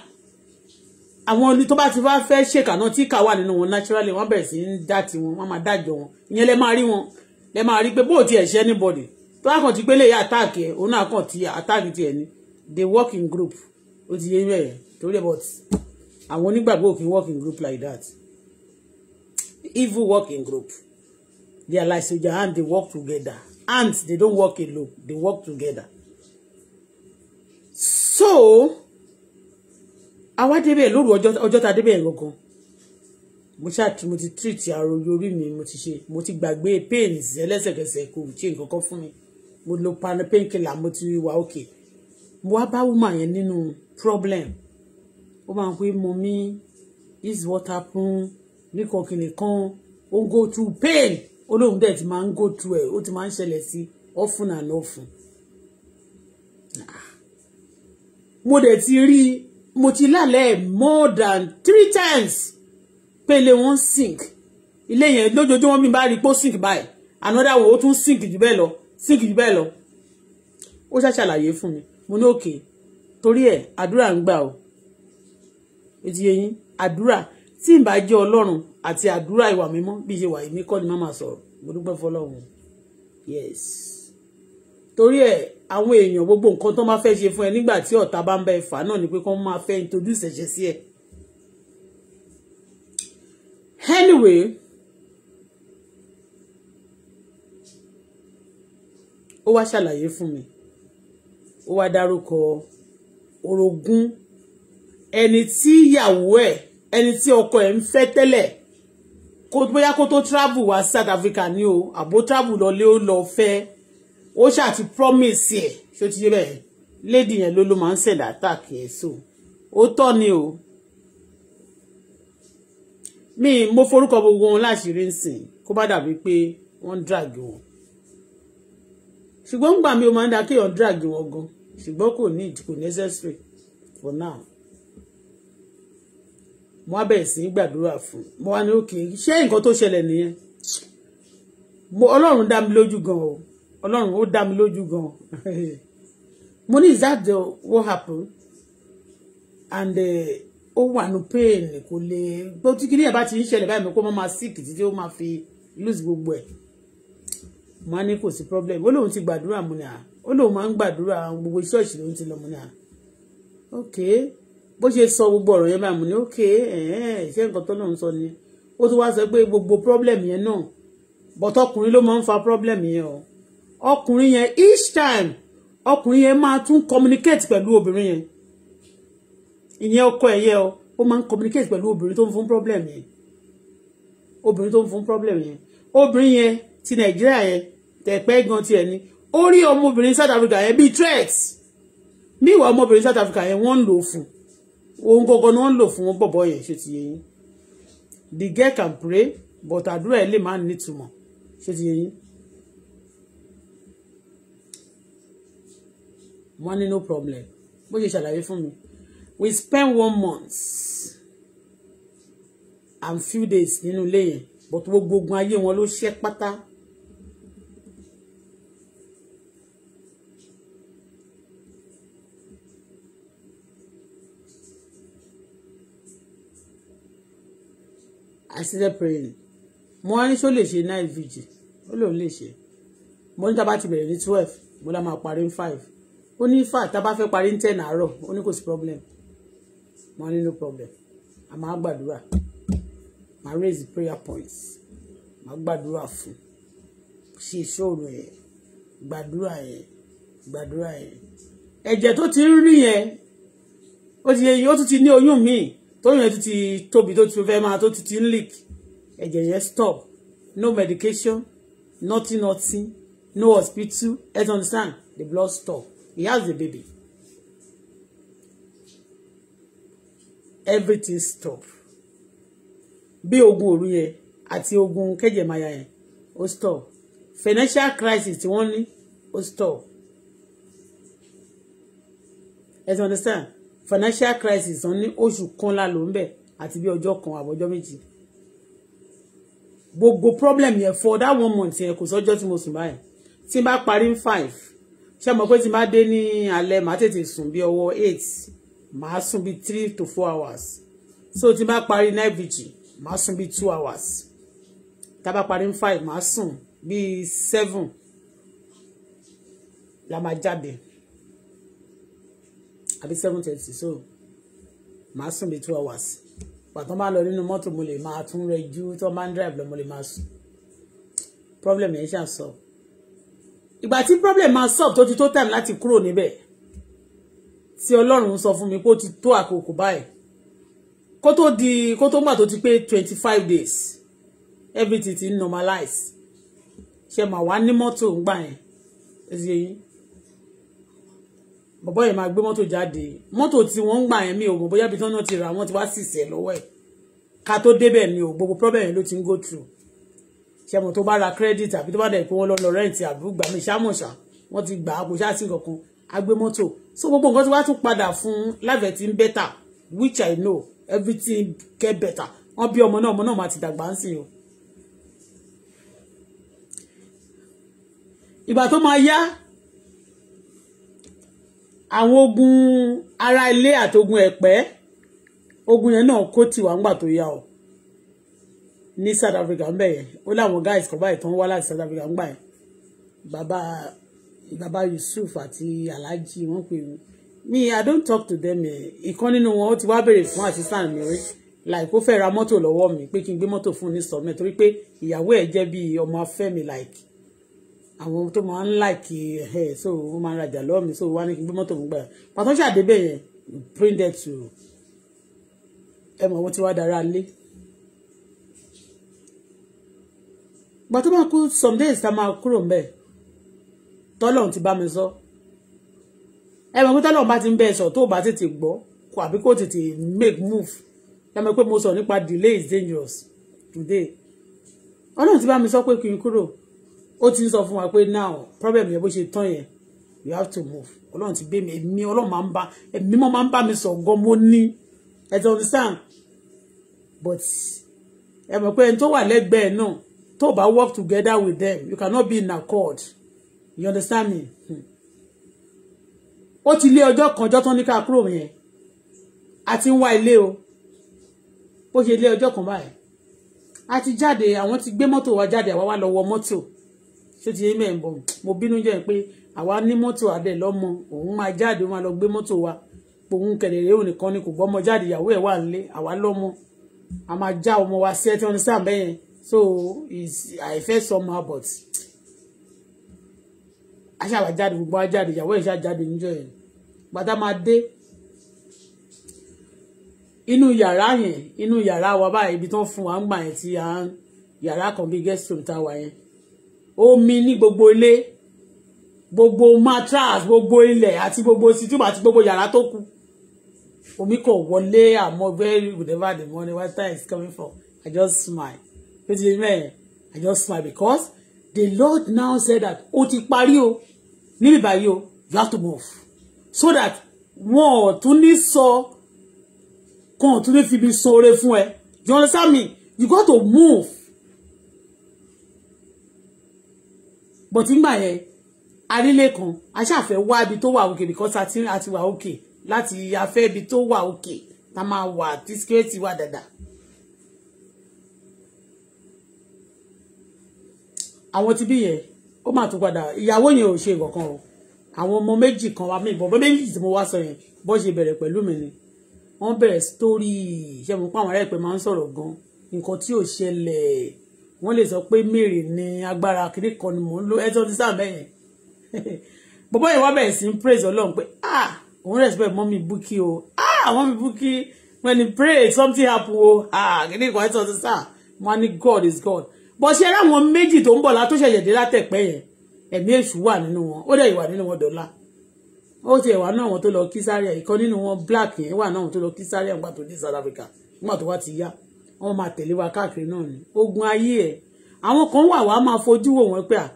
àwọn oní tó bá ti wá fẹ́ ṣèkà náà tí ìkà wà nínú wọn naturally wọ́n bẹ̀rẹ̀ sí ń dá tiwọn wọ́n máa dájọ wọn ìyẹn lẹ máa rí wọn lẹ máa rí pé bó ti ẹ̀ ṣe anybody tó bá kàn ti pé lè yá àtáàkì ẹ̀ òun náà kàn ti àtáàkì tiẹ̀ ni they the in group ó ti yé bẹ́ẹ̀ torí ẹ̀ but àwọn onígbàgbọ́ kì í work in group like that evil work in group they are like soja and they work together Ants, they don't work alone. They work together. So, àwa débẹ̀ lóru ọjọ́ ta débẹ̀ gangan. Mo ṣáà mo ti treat àrùn orí mi mo ti ṣe mo ti gbàgbé pains ẹlẹ́sẹ̀kẹsẹ̀ kò ṣe nǹkan kan fún mi. Mo lo painkiller mo ti wà òkè. Mo wá bá woman yẹn nínú problem. Ó máa ń pè mommy is what happen ní kankan nìkan ó go through pain olóhùn dẹ̀ ti máa ń go through ẹ̀ ó ti máa ń ṣẹlẹ̀ sí often and often mo dẹ̀ ti rí mo ti lálẹ́ more than three times pé ilé wọn sink ilé yẹn lójoojúmọ́ mi bá rí pé ó sink báyìí another one ó tún sink jù bẹ́ẹ̀ lọ sink jù bẹ́ẹ̀ lọ ó ṣá fún mi mo ní òkè torí ẹ̀ àdúrà ń gbà o ètò yẹn àdúrà tí n bá jẹ́ ọlọ́run àti àdúrà ìwà mímọ́ bí ṣe wà èmi kọ́ ni má máa sọ̀rọ̀ mo dúpẹ́ fọlọ́run yes torí ẹ̀ àwọn èèyàn gbogbo nǹkan tó máa fẹ́ ṣe fún ẹ nígbà tí ọ̀tá bá ń bá fà náà ni pé kó máa fẹ́ introduce ẹ̀ṣẹ̀ sí ẹ. anyway ó wá ṣàlàyé fún mi ó wá dárúkọ orogún ẹni tí ìyàwó ẹ ẹni tí ọkọ ẹ ń fẹ́ tẹ́lẹ̀ kó bóyá kó tó travel wá South Africa ni o àbó travel lọlé ó lọ fẹ́ ó ṣáà ti promise ẹ̀ ṣó ti yé bẹ́ẹ̀ lady yẹn ló ló máa ń ṣẹ̀dá attack ẹ̀ so ó tọ́ ni o mi mo forúkọ gbogbo wọn láṣìírí nsìn kó bá dàbí pé wọ́n drag wọn ṣùgbọ́n ń gbà mí o máa ń da kéèyàn drag wọn gan ṣùgbọ́n kò need kò necessary for now mo á bẹ̀rẹ̀ sí í gbàdúrà fún mo wá ní òkè ṣé nǹkan tó ṣẹlẹ̀ nìyẹn mo ọlọ́run dá mi lójú gan o ọlọ́run ó dá mi lójú gan mo ní is that the what happen and eh, ó wà ní pain kò lè gbó tí kìnìyà bá ti ń ṣẹlẹ̀ báyìí mi kó máa sick títí ó máa fi lose gbogbo ẹ̀ mo á ní kò sí problem ó lóun ti gbàdúrà mo ní à ah. ó lóun máa ń gbàdúrà gbogbo ṣọ́ọ̀ṣì ló ń ti lọ mo ní à ah. okay bó ṣe sọ gbogbo ọ̀rọ̀ yẹn báyìí mo ní ok eh, eh, ṣé nǹkan tó náà ń sọ ni ó tún wá sọ pé gbogbo problem yẹn náà but ọkùnrin ló máa ń fa problem yẹn o ọkùnrin yẹn each time ọkùnrin yẹn máa tún communicate pẹ̀lú obìnrin yẹn ìyẹn ọkọ ẹ̀ yẹ o ó máa ń communicate pẹ̀lú obìnrin tó ń fún problem yẹn obìnrin tó ń fún problem yẹn obìnrin yẹn ti nàìjíríà yẹn tẹ̀pẹ́ gan tiẹ̀ ni ó rí ọmọbìnrin South Africa yẹn bíi threat níwà ọmọbìnrin South Africa yẹn wọ́n ń lò fún ohun gbogbo ni wọ́n lò fún bọ̀bọ̀ yẹn ṣe ti yẹn the girl can pray but àdúrà ẹ̀ lè má nítumọ̀ ṣe ti yẹn wọ́n ní no problem bó ṣe ṣàlàyé fún mi we spend one month and few days nínú ilé yẹn but gbogbo ogun ayé wọn ló ṣẹ́ pátá started praying mo wá ní ṣó lè ṣe night vigil ó lòun lè ṣe mo ní tá a bá ti bẹ̀rẹ̀ ní twelve mo lá máa parí ní five ó ní fà tá fẹ́ parí ní ten àárọ̀ ó ní kò sí problem mo ní no problem a máa gbàdúrà máa raise prayer points máa gbàdúrà fún ṣe ìṣòro ẹ̀ gbàdúrà ẹ̀ gbàdúrà ẹ̀ ẹ̀jẹ̀ tó ti ń rí yẹn ó ti yẹ ó tún ti ní oyún míì tóyún yẹn ti tóbi tó ti fẹ́ máa tó ti ti ń leak ẹ̀jẹ̀ yẹn stop no medication nothing nothing no hospital let's understand the blood stop he has the baby everything stop bí ogun òru yẹn àti ogun kẹjẹmaya yẹn ó stop financial crisis tí wọ́n ní ó stop let's understand financial crisis wọn ní oṣù kan la ló ń bẹ̀ àti bí ọjọ́ kan àbọ̀jọ́ méjì gbogbo problem yẹn for that one month yẹn kò sọ́jọ́ tí mo sùn báyìí tí n bá parí ní five ṣé mo pé tí n bá dé ní alẹ́ màá tètè sùn bí ọwọ́ eight màá sùn bí three to four hours so tí n bá parí night vigil màá sùn bí two hours tá a bá parí ní five màá sùn bí seven la máa jáde àbí seven thirty so màá sùn bí two hours pàtó máa lọ nínú mọ́tò mo lè máa tún rẹjú tó máa ń drive lọ mo lè máa sùn problem yẹn ṣàn sọ ìgbà tí problem máa sọ tó ti tó time láti kúrò níbẹ̀ tí ọlọ́run sọ fún mi pé ó ti tó àkókò báyìí kó tó di kó tó gbà tó ti pé twenty five days everything ti normalize ṣe mà wá ní mọ́tò ń gbà yẹn ẹ ṣe yín bọ̀bọ́ yẹn máa gbé mọ́tò jáde mọ́tò tí wọ́n ń gbà yẹn mi ò mọ̀ bóyá ibi tí wọ́n ti rà wọ́n ti wá sísẹ̀ lọ́wọ́ ẹ̀ ká tó débẹ̀ mi ò gbogbo problem ló ti ń go through ṣé mo tó bá ra credit àbí tó bá dẹ̀ pé wọ́n lọ lọ rẹ́ǹtì àbúgbà mi ṣámọ̀ṣá wọ́n ti gbà á kò ṣáàtì kankan a gbé mọ́tò so gbogbo nǹkan tí wọ́n tún padà fún life ń better which I know everything get better wọ́n bí ọmọ náà ọmọ náà máa ti dàgbà ń sìn o. ìgbà tó máa yá àwọn ogun ara ilé àti ogun ẹ̀pẹ́ ogun yẹn náà kó tiwa ńgbà tó yá o ní South Africa ń bẹ̀ yẹn ó láwọn guys kan báyìí tó ń wá láti South Africa ń gbà yẹn bàbá bàbá Yusuf àti Alhaji wọn pè mí mi I don't talk to them yẹn ìkan nínú wọn ó ti wá béèrè fún àti sáà mi rí like ó fẹ́ ra mọ́tò lọ́wọ́ mi pé kí n gbé mọ́tò fún un ní sọ́mẹ́ torí pé ìyàwó ẹ̀ jẹ́ bíi ọmọ afẹ́mi like àwọn tó máa ń láìkì ẹ̀ eh, so wọ́n máa ń rajà lọ́wọ́ mi so wọ́n á ní kí n gbé mọ́tò mú gbà pàtó ṣàdébẹ̀ yẹn printed to ẹ mọ̀ wọ́n ti wá dára lé. gbà tó máa kú some days ta máa kúrò ń bẹ̀ tọ́lọ́run ti bá mi sọ ẹ mọ̀ pé tọ́lọ́run bá ti ń bẹ̀ sọ tó bá tètè gbọ́ kò àbí kò tètè make move ẹ mọ̀ pé mo sọ nípa delay is dangerous today ọlọ́run ti bá mi sọ pé kí n kúrò ó ti ń sọ fún wa pé now problem yẹn bó ṣe tán yẹn you have to move ọlọ́run ti gbé mi èmi ọlọ́run máa ń bá èmi mọ́ máa ń bá mi sọ gan mo ní ẹ ti understand but ẹ mọ̀ pé ẹni tó wà lẹ́gbẹ̀ẹ́ náà tó bá work together with them you cannot be in accord you understand me hmm. ó ti lé ọjọ́ kan ọjọ́ tán ní ká kúrò yẹn a ti ń wá ilé o bó ṣe lé ọjọ́ kan báyìí a ti jáde àwọn ti gbé mọ́tò wa jáde àwa wá lọ wọ mọ́tò ṣé ti yé mẹ́rin bọ̀ mo bínú jẹ́ pé àwa ní mọ́tò adẹ̀ lọ́mọ òun máa jáde òun lọ gbé mọ́tò wa òun kẹ̀lẹ̀rẹ̀ òun nìkan ni kò gbọ́mọ jáde ìyàwó ẹ̀ wà nílé àwa lọ́mọ a máa já ọmọ wa sí ẹtí wọn ní sáà bẹ́yẹn so àìfẹ́ sọmọ abọ̀t aṣáà jáde gbogbo wa jáde ìyàwó ẹ̀ ṣáà jáde níjọ́ yẹn gbàtà máa dé inú yàrá yẹn inú yàrá wa báyìí ibi tó ń fún wa ń gbà yẹn ti yàrá kan bíi guest room tá yẹn omi ní gbogbo ilé gbogbo matras gbogbo ilẹ̀ àti gbogbo situba àti gbogbo yàrá tó kù omi kò wọlé àmọ́ very whatever the money what time is coming from I just smile bí ti mẹ́rin I just smile because the Lord now said that ó ti parí o níbi báyìí o you have to move so that wọn ò tún ní sọ kan ò tún ní fi bí sóore fún ẹ you understand me you got to move but nígbà yẹn arílé kan a ṣàfẹ́ wá ibi tó wà òkè because a ti a ti wà òkè láti afẹ́ ibi tó wà òkè tá a máa wà tí síkírẹ́tì wà dáadáa. àwọn ti bí yẹn ó mà tún padà ìyàwó yẹn ò ṣe kankan o àwọn ọmọ méjì kan wa mìíràn bọ́ méjì tí mo wá sọ yẹn bọ́ ṣe bẹ̀rẹ̀ pẹ̀lú mi ni wọ́n bẹ̀rẹ̀ sítórí ṣé mo pa àwọn ará ìpè máa ń gan nǹkan tí ò ṣẹlẹ̀ wọ́n lè sọ pé Mary ni agbára kìíní kan ni mò ń lo ẹjọ́ ti sáà bẹ́yẹn bọ́bọ́ yẹn wá bẹ̀rẹ̀ sí ń praise ọlọ́run pé ah òun respect mọ́mí búkí o ah mọ́mí búkí when he pray something happen o ah kìíní kan ẹjọ́ ti sáà wọ́n ní God is God bọ́ ṣe eré àwọn méjì tó ń bọ̀ látó ṣẹ̀ṣẹ̀ dé látẹ̀pẹ́ yẹn ẹ̀mí èṣù wà nínú wọn ó dẹ̀ ìwà nínú wọn dọ́là ó ti ẹ̀wà náà wọn tó lọ kí sáré ìkan nínú wọn black yẹn wà náà wọn tó lọ kí sáré àwọn gbà tó dé South Africa nígbà tó wá ti yá wọ́n máa tẹ̀lé wa káàkiri náà ni ogun ayé ẹ̀ àwọn kan wà wá máa fojú wò wọ́n pé à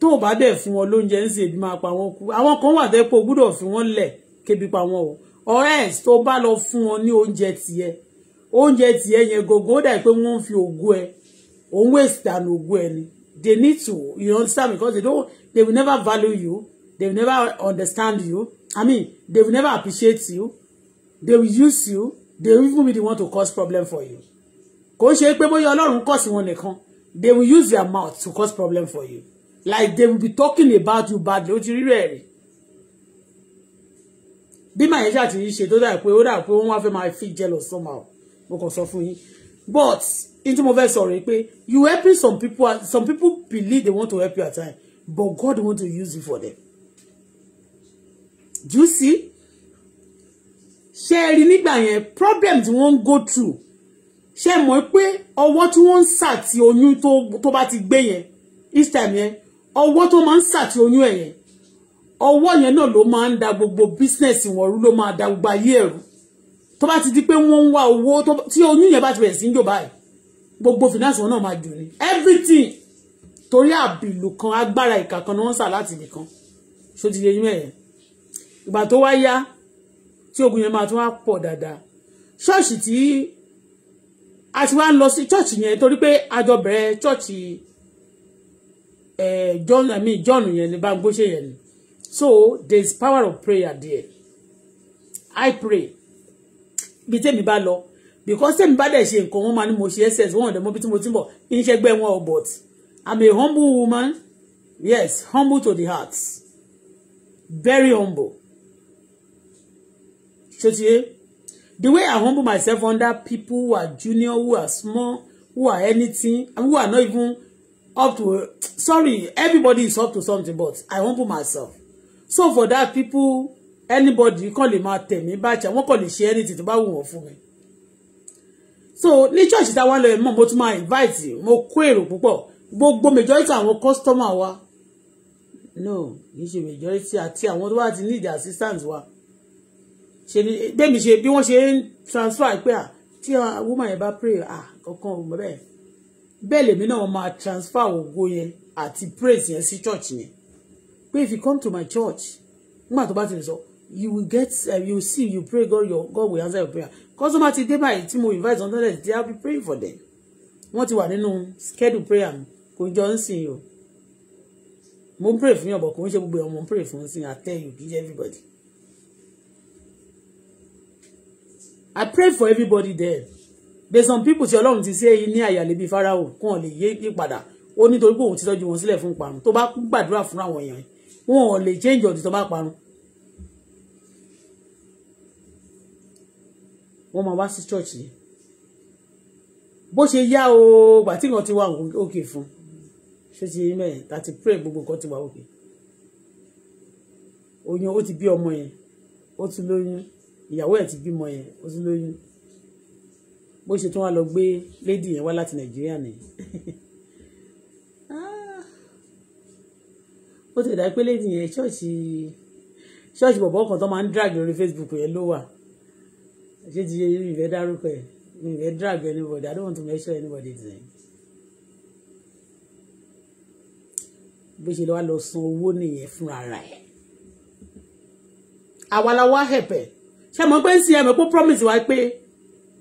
tó o bá dẹ̀ fún wọn lóúnjẹ ń ṣe ibi máa pa wọn kú àwọn kan wà tẹ́ pé o gbúdọ̀ fi wọ́n lẹ̀ kébi pa wọn o or else tó bá lọ fún wọn ní oúnjẹ tiẹ̀ oúnjẹ tiẹ̀ yẹn gògó dà pé wọ́n ń fi ògùn ẹ òun wèsì dànù ògùn ẹ ni they need to you understand because they don't they will never value you they will never understand you i mean they will never appreciate you they will use you they will even be the one to cause problem for you kò ń ṣe pé bóyá ọlọ́run kọ̀ sí wọn nìkan they will use their mouth to cause problem for you like they will be talking about you badly ó ti rí rẹ̀ rí bí màá yẹn ṣàtìyí ṣe tó dà pé ó dà pé wọ́n wá fẹ́ máa fi jealous somehow mo kàn sọ fún yín but into tí mo fẹ́ sọ̀rọ̀ pé you helping some people some people believe they want to help you at time but God want to use you for them do you see ṣe é rí nígbà yẹn problem tí go through ṣé mọ̀ pé ọwọ́ tí wọ́n ń sà tí oyún tó bá ti gbé yẹn each time yẹn ọwọ́ tó máa ń sà tí oyún ẹ̀ yẹn ọwọ́ yẹn náà ló máa ń da gbogbo bísínẹ̀sì wọn rú ló máa da gbogbo ayé ẹ̀rú tó bá ti di pé wọ́n ń wá owó tí oyún yẹn bá ti bẹ̀rẹ̀ sí ń jò báyìí gbogbo finance wọn náà máa jù ní everything torí àbìlù kan agbára ìkà kan ni wọ́n sà láti nìkan ṣó ti yẹ yín mẹ́yẹn ìgbà tó wá yá tí ogun yẹn máa tún wá pọ̀ dáadáa ṣọ́ọ̀ṣì tí a ti wá ń lọ sí church yẹn torí pé àjọ bẹ̀rẹ̀ church eh, John I mean John yẹn ní Bámgbóṣe yẹn ni so there is power of prayer there I pray bí tèmi bá lọ because tèmi bá dẹ̀ ṣe nǹkan wọn máa ní mo ṣe excess wọn ò dẹ̀ mọ bí tí mo ti ń bọ̀ iṣẹ́gbẹ́ wọn ò but I'm a humble woman yes humble to the heart very humble ṣé ti yé. The way I humble myself under people who are junior, who are small, who are anything, and who are not even up to, sorry, everybody is up to something, but I humble myself. So for that, people, anybody, kàn lè máa tẹ̀ mí bàjẹ́, wọ́n call lè ṣe anything tó bá wù wọ́n fún So ni church is that one lọ ẹ̀ mọ̀, mo tún máa invite, mo kó èrò púpọ̀, gbogbo majority mo customer wa. No, kì í majority àti àwọn tó bá need need assistance wa ṣe ni bẹ́ẹ̀ mi ṣe bí wọ́n ṣe ń transfer pé à ah, tí woman yẹn bá pray à ah, kankan ò bẹ́ẹ̀ bẹ́ẹ̀ lèmi náà máa transfer ògo yẹn àti praise yẹn sí church yẹn pé if you come to my church nígbà tó bá ti sọ you will get uh, you see you pray God your God will answer your prayer customer ti dé báyìí tí mo invite on internet they have been praying for them wọ́n ti wà nínú schedule prayer mi kò jọ ń sìn yìí o mo ń pray fún yàn bọ̀ kò ń ṣe gbogbo ẹ̀ mo ń pray fún sin I tell you kì í ṣe everybody I pray for everybody there there's some people tí ọlọ́run ti say, ní àyàlẹ́ bíi farao kàn lè yé yípadà ó nítorí pé òun ti tọ́jú wọn sílẹ̀ fún parun tó bá gbàdúrà fún àwọn èèyàn wọn ò lè change ọ̀dì tó bá parun. wọ́n máa wá sí church yìí bó ṣe yá o bàtí nǹkan ti wà Okay, fun. ṣé ti yí mẹ́rin láti pray gbogbo nǹkan ti wà Okay. oyún ó ti bí ọmọ yẹn ó ti lóyún ìyàwó ẹ̀ ti bímọ yẹn ó sì lóyún bó ṣe tún wá lọ gbé lady yẹn wá láti nàìjíríà ni ó ti dà lady yẹn ṣọ́ọ̀ṣì ṣọ́ọ̀ṣì bọ̀bọ̀ kan tó máa ń drag lórí facebook yẹn ló wà ṣé ti ṣe ìfẹ́ dárúkọ ẹ̀ ìfẹ́ drag anybody i don't want to measure anybody today. bó ṣe lọ wá lọ san owó nìyẹn fúnra rẹ̀ àwa la wá hẹ̀pẹ̀ ṣe mọ̀ pé ń sin ẹ̀mọ̀ pé promise wa pé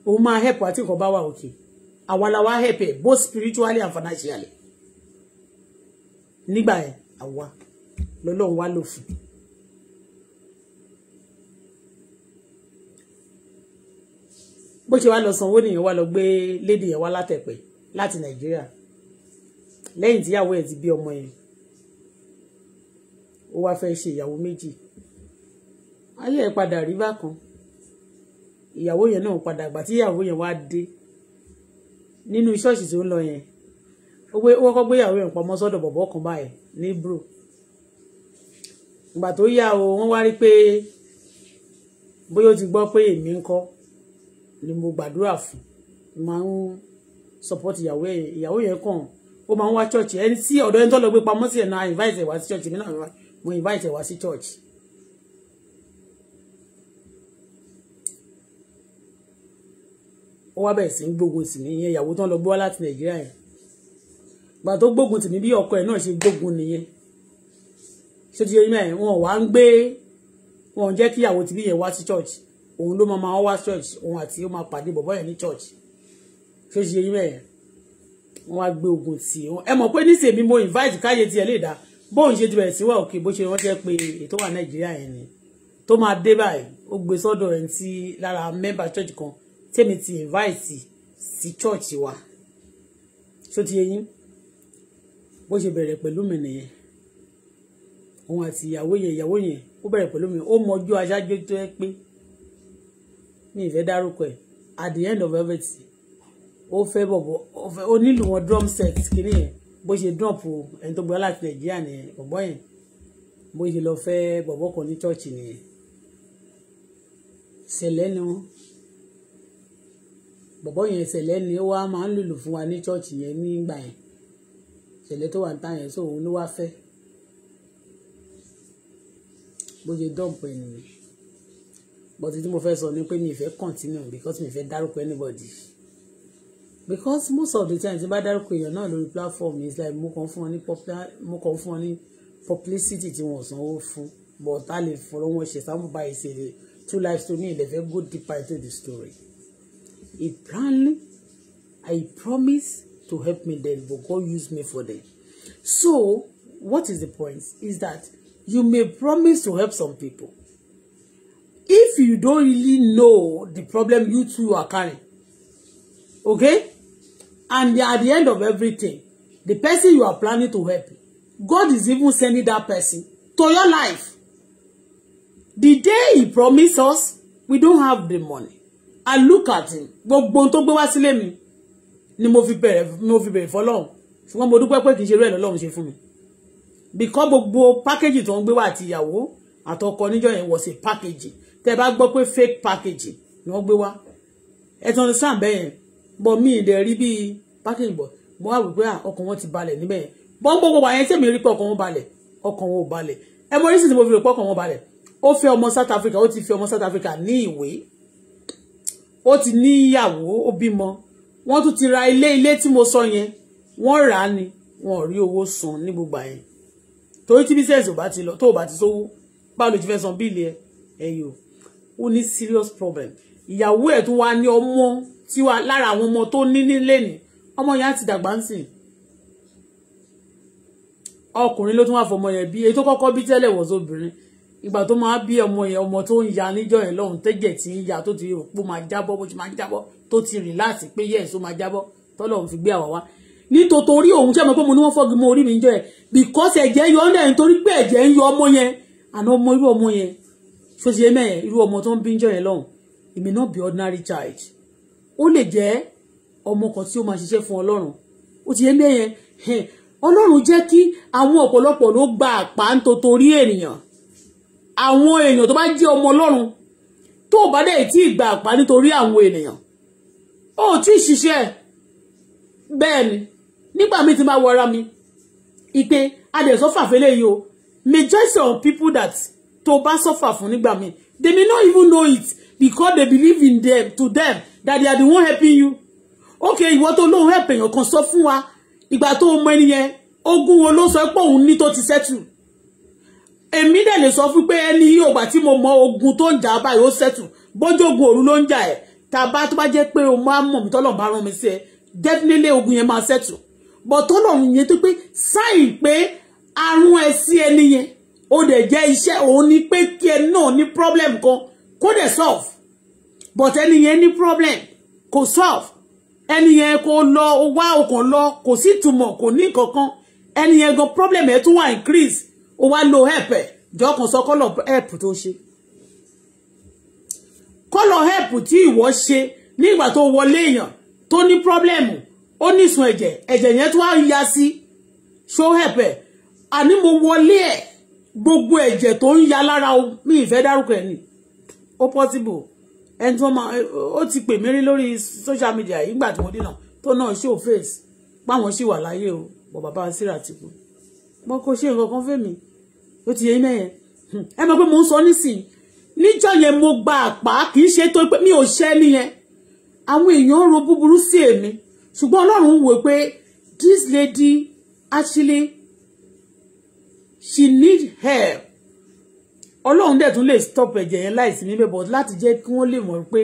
òun máa help àti nǹkan bá wà òkè àwa la help both spiritually and financially nígbà yẹn àwa lọ́lọ́run wá lò fún. bó ṣe wá lọ sanwó nìyẹn wá lọ gbé lédi yẹn wá látẹ̀pẹ́ láti nàìjíríà lẹ́yìn tíyàwó ẹ̀ ti bí ọmọ yẹn ó wá fẹ́ ṣe ìyàwó méjì ayé ẹ̀ padà rí bákan ìyàwó yẹn náà padà gbà tí ìyàwó yẹn wá dé nínú ṣọ́ọ̀ṣì tó ń lọ yẹn ó kọ́kọ́ gbé ìyàwó yẹn pamọ́ sọ́dọ̀ bọ̀bọ́ kan báyìí ní bro ìgbà tó yá o wọ́n wá rí pé bóyá ó ti gbọ́ pé èmi ń ni mo gbàdúrà fún máa ń support ìyàwó ìyàwó yẹn kàn ó máa ń wá ẹni ọ̀dọ̀ yẹn tó gbé pamọ́ sí ẹ̀ ẹ̀ ó wá bẹ̀rẹ̀ sí ń gbógun tì mí yẹn ìyàwó tán lọ gbọ́ láti nàìjíríà yẹn gbà tó gbógun tì mí bí ọkọ ẹ̀ náà ṣe gbógun nìyẹn ṣé ti yẹ mẹ́rin wọn wá ń gbé wọn jẹ́ kí ìyàwó tìbí yẹn wá sí church òun ló máa máa wá church òun àti ó máa pàdé bọ̀bọ́ yẹn ní church ṣé ti yẹ yín mẹ́rin wọn wá gbé ogun tì wọn ẹ mọ̀ pé nísèmi mo invite káyé tiẹ̀ lè dá bóun ṣe ti bẹ̀rẹ̀ sí wà òkè bó ṣe wọ́n jẹ́ pé ètò wà nàìjíríà yẹn ni tó máa dé báyìí ó gbé sọ́dọ̀ ẹ̀ ń tí lára mẹ́bà church kan tèmi ti invite sí church wa ṣó ti yẹyin bó ṣe bẹ̀rẹ̀ pẹ̀lú mi nìyẹn òun àti ìyàwó yẹn ìyàwó yẹn ó bẹ̀rẹ̀ pẹ̀lú mi ó mọjú aṣáájú tó yẹ pé mi ìfẹ́ dárúkọ ẹ̀ at the end of everything ó fẹ́ bọ̀bọ̀ ó fẹ́ ó nílò wọn drum set kiri yẹn bó ṣe drop ẹni tó gbọ́ láti nàìjíríà nìyẹn bọ̀bọ̀ yẹn bó ṣe lọ fẹ́ bọ̀bọ̀ kan ní church nìyẹn ṣẹlẹ̀ ni wọ́n bọ̀bọ́ yẹn ṣẹlẹ̀ ni ó wá máa ń lùlù fún wa ní chọ́ọ̀chì yẹn nígbà yẹn ṣẹlẹ̀ tó wà ń ta yẹn so òun ló wá fẹ́ bó ṣe dọ́ǹpù ẹ̀ nìyẹn but tí mo fẹ́ sọ ni pé mi fẹ́ continue because mi fẹ́ dárúkọ anybody because most of the time tí n bá dárúkọ èèyàn náà lórí platform is like mo kàn fún ọ ní popular mo kàn publicity tí wọn ò sanwó fún but a lè fọlọ́wọ́n ṣe sáwọn báyìí ṣe two lives to me They ìdẹ̀fẹ́ go deeper into the story. He plan. I promise to help me then, but God use me for them. So, what is the point? Is that you may promise to help some people. If you don't really know the problem you two are carrying, okay? And at the end of everything, the person you are planning to help, God is even sending that person to your life. The day he promised us, we don't have the money. I look at him, gbogbo tó gbé wá sílé mi ni mo fi bẹ̀rẹ̀ mo fi bẹ̀rẹ̀ fọlọ́run ṣùgbọ́n mo dúpẹ́ pé kì í ṣe irú ẹ̀ lọ́lọ́run ṣe fún mi bìkọ́ gbogbo pákéjì tó ń gbé wá àti ìyàwó àtọkọ níjọ yẹn wọ̀ sí pákéjì tẹ́ bá gbọ́ fake pákéjì ni wọ́n gbé wá ẹ tán sàn bẹ́ẹ̀ yẹn bọ̀ mí ìdẹ̀ rí bíi pákéjì bọ̀ mo wá wípé ah, ọkàn wọn ti balẹ̀ níbẹ̀ yẹn bọ́n gbogbo wà yẹn tẹ̀mí rí pé ọkàn wọn balẹ̀ ọkàn wọn ò balẹ̀ ẹ mọ orí sì ti mo fi rò pé ọkàn wọn balẹ̀ ó fẹ́ ọmọ South Africa ó ti fẹ́ ọmọ South Africa ní ìwé ó ti níyàwó ó bímọ wọ́n tún ti ra ilé ilé tí mo sọ yẹn wọ́n rà á ni wọn ò rí owó san ní gbogbo àyẹn torí tí bísẹ̀sì ò bá ti lọ tó ò bá ti sówó báwo ló ti fẹ́ san bíìlì ẹ ẹ̀yọ́ ó ní serious problem ìyàwó ẹ̀ tún wá ní ọmọ tí wà lára àwọn ọmọ tó ní nílé ni ọmọ yẹn á ti dàgbà ń sìn ọkùnrin ló tún wà fọmọ yẹn bí èyí tó kọ́kọ́ bí tẹ́lẹ̀ wọ̀ sóbìnrin ìgbà tó máa bí ọmọ yẹn ọmọ tó ń ya níjọ́ yẹn lọ́hùn tẹ́jẹ̀ tí ń ya tó ti rò pé máa jábọ́ bó ti máa jábọ́ tó ti rìn láti pé yẹ́ èso máa jábọ́ tọ́lọ́hún fi gbé àwa wá nítorí òun ṣe mọ̀ pé mo ní wọ́n fọ́gi mo orí mi ń jọ because ẹ̀jẹ̀ yọ ọ́nà ẹ̀ nítorí pé ẹ̀jẹ̀ ń yọ ọmọ yẹn àná ọmọ irú ọmọ yẹn ṣó ṣe mẹ́ẹ̀ irú ọmọ tó ń bí ń yẹn lọ́hùn it may not be ordinary child ó lè jẹ́ ọmọ kan tí ó máa ṣiṣẹ́ fún ọlọ́run ó ti yẹ mẹ́yẹn ọlọ́run jẹ́ kí àwọn ọ̀pọ̀lọpọ̀ ló gba àpá ń totorí ènìyàn àwọn èèyàn tó bá jẹ́ ọmọ ọlọ́run tó bá dẹ̀ tí ìgbà àpá nítorí àwọn ènìyàn ó tí ì ṣiṣẹ́ bẹ́ẹ̀ ni nígbà mi ti máa wọra mi ìpè adẹ̀sọ́ fàfẹ́lẹ́ yìí o majority of people that tó bá suffer fún nígbà mi they may not even know it because they believe in them to them that they are the one helping you okay ìwọ tó lóun help èèyàn kan sọ fún wa ìgbà tó mọ ẹni yẹn ogún wo ló sọ pé òun ní tó ti settle èmi dẹ̀ lè sọ fún pé ẹni yìí ògbà tí mo mọ ogun tó ń jà báyìí ó ṣẹ̀tù bójú ogun òru ló ń jà ẹ̀ tàbá tó bá jẹ́ pé o máa mọ̀ mi tọ́lọ̀ bá rán mi sí ẹ definitely ogun yẹn máa ṣẹ̀tù bọ̀ tọ́lọ̀ yẹn tó pé sáìn pé àrùn ẹ sí ẹni yẹn ó dẹ̀ jẹ́ iṣẹ́ òun ni pé kí ẹ náà ní problem kan kó dẹ̀ solve but ẹni yẹn ní problem kò solve ẹni yẹn kò lọ wá ọkàn lọ kò sí ìtumọ̀ kò ní nǹkan kan ẹni yẹn gan problem ẹ tún wà increase ó wá lo help e. jọ kan sọ kọ́lọ̀ help tó ṣe kọ́lọ̀ help tí ìwọ ṣe nígbà tó wọlé èèyàn tó ní pírọ́blẹ́mù ó nísun ẹ̀jẹ̀ ẹ̀jẹ̀ yẹn tó wá ya sí ṣó help e. Ani mo wọlé ẹ̀ gbogbo ẹ̀jẹ̀ tó ń ya lára mi ìfẹ́ dárúkọ ẹ̀ ni ó possible ẹni tí wọ́n máa ó ti pè mí rí social media yìí nígbà tí mo dínà tó náà show face páwọn ṣì wà láyé o bọ̀ bàbá síra ti kú mo kò ṣe nǹkan kan fẹ́ mi ó ti yẹ yín mẹ́yẹn hmm. ẹ mọ̀ pé mo ń sọ nísìnyí níjọ́ yẹn mo gba àpá kì í ṣe tó pé mi ò ṣẹ́ nìyẹn àwọn èèyàn ro búburú sí èmi ṣùgbọ́n ọlọ́run wò pé this lady actually she need help ọlọ́run dẹ̀ tún lè stop ẹ̀jẹ̀ yẹn láìsí níbẹ̀ but láti jẹ́ kí wọ́n lè mọ̀ pé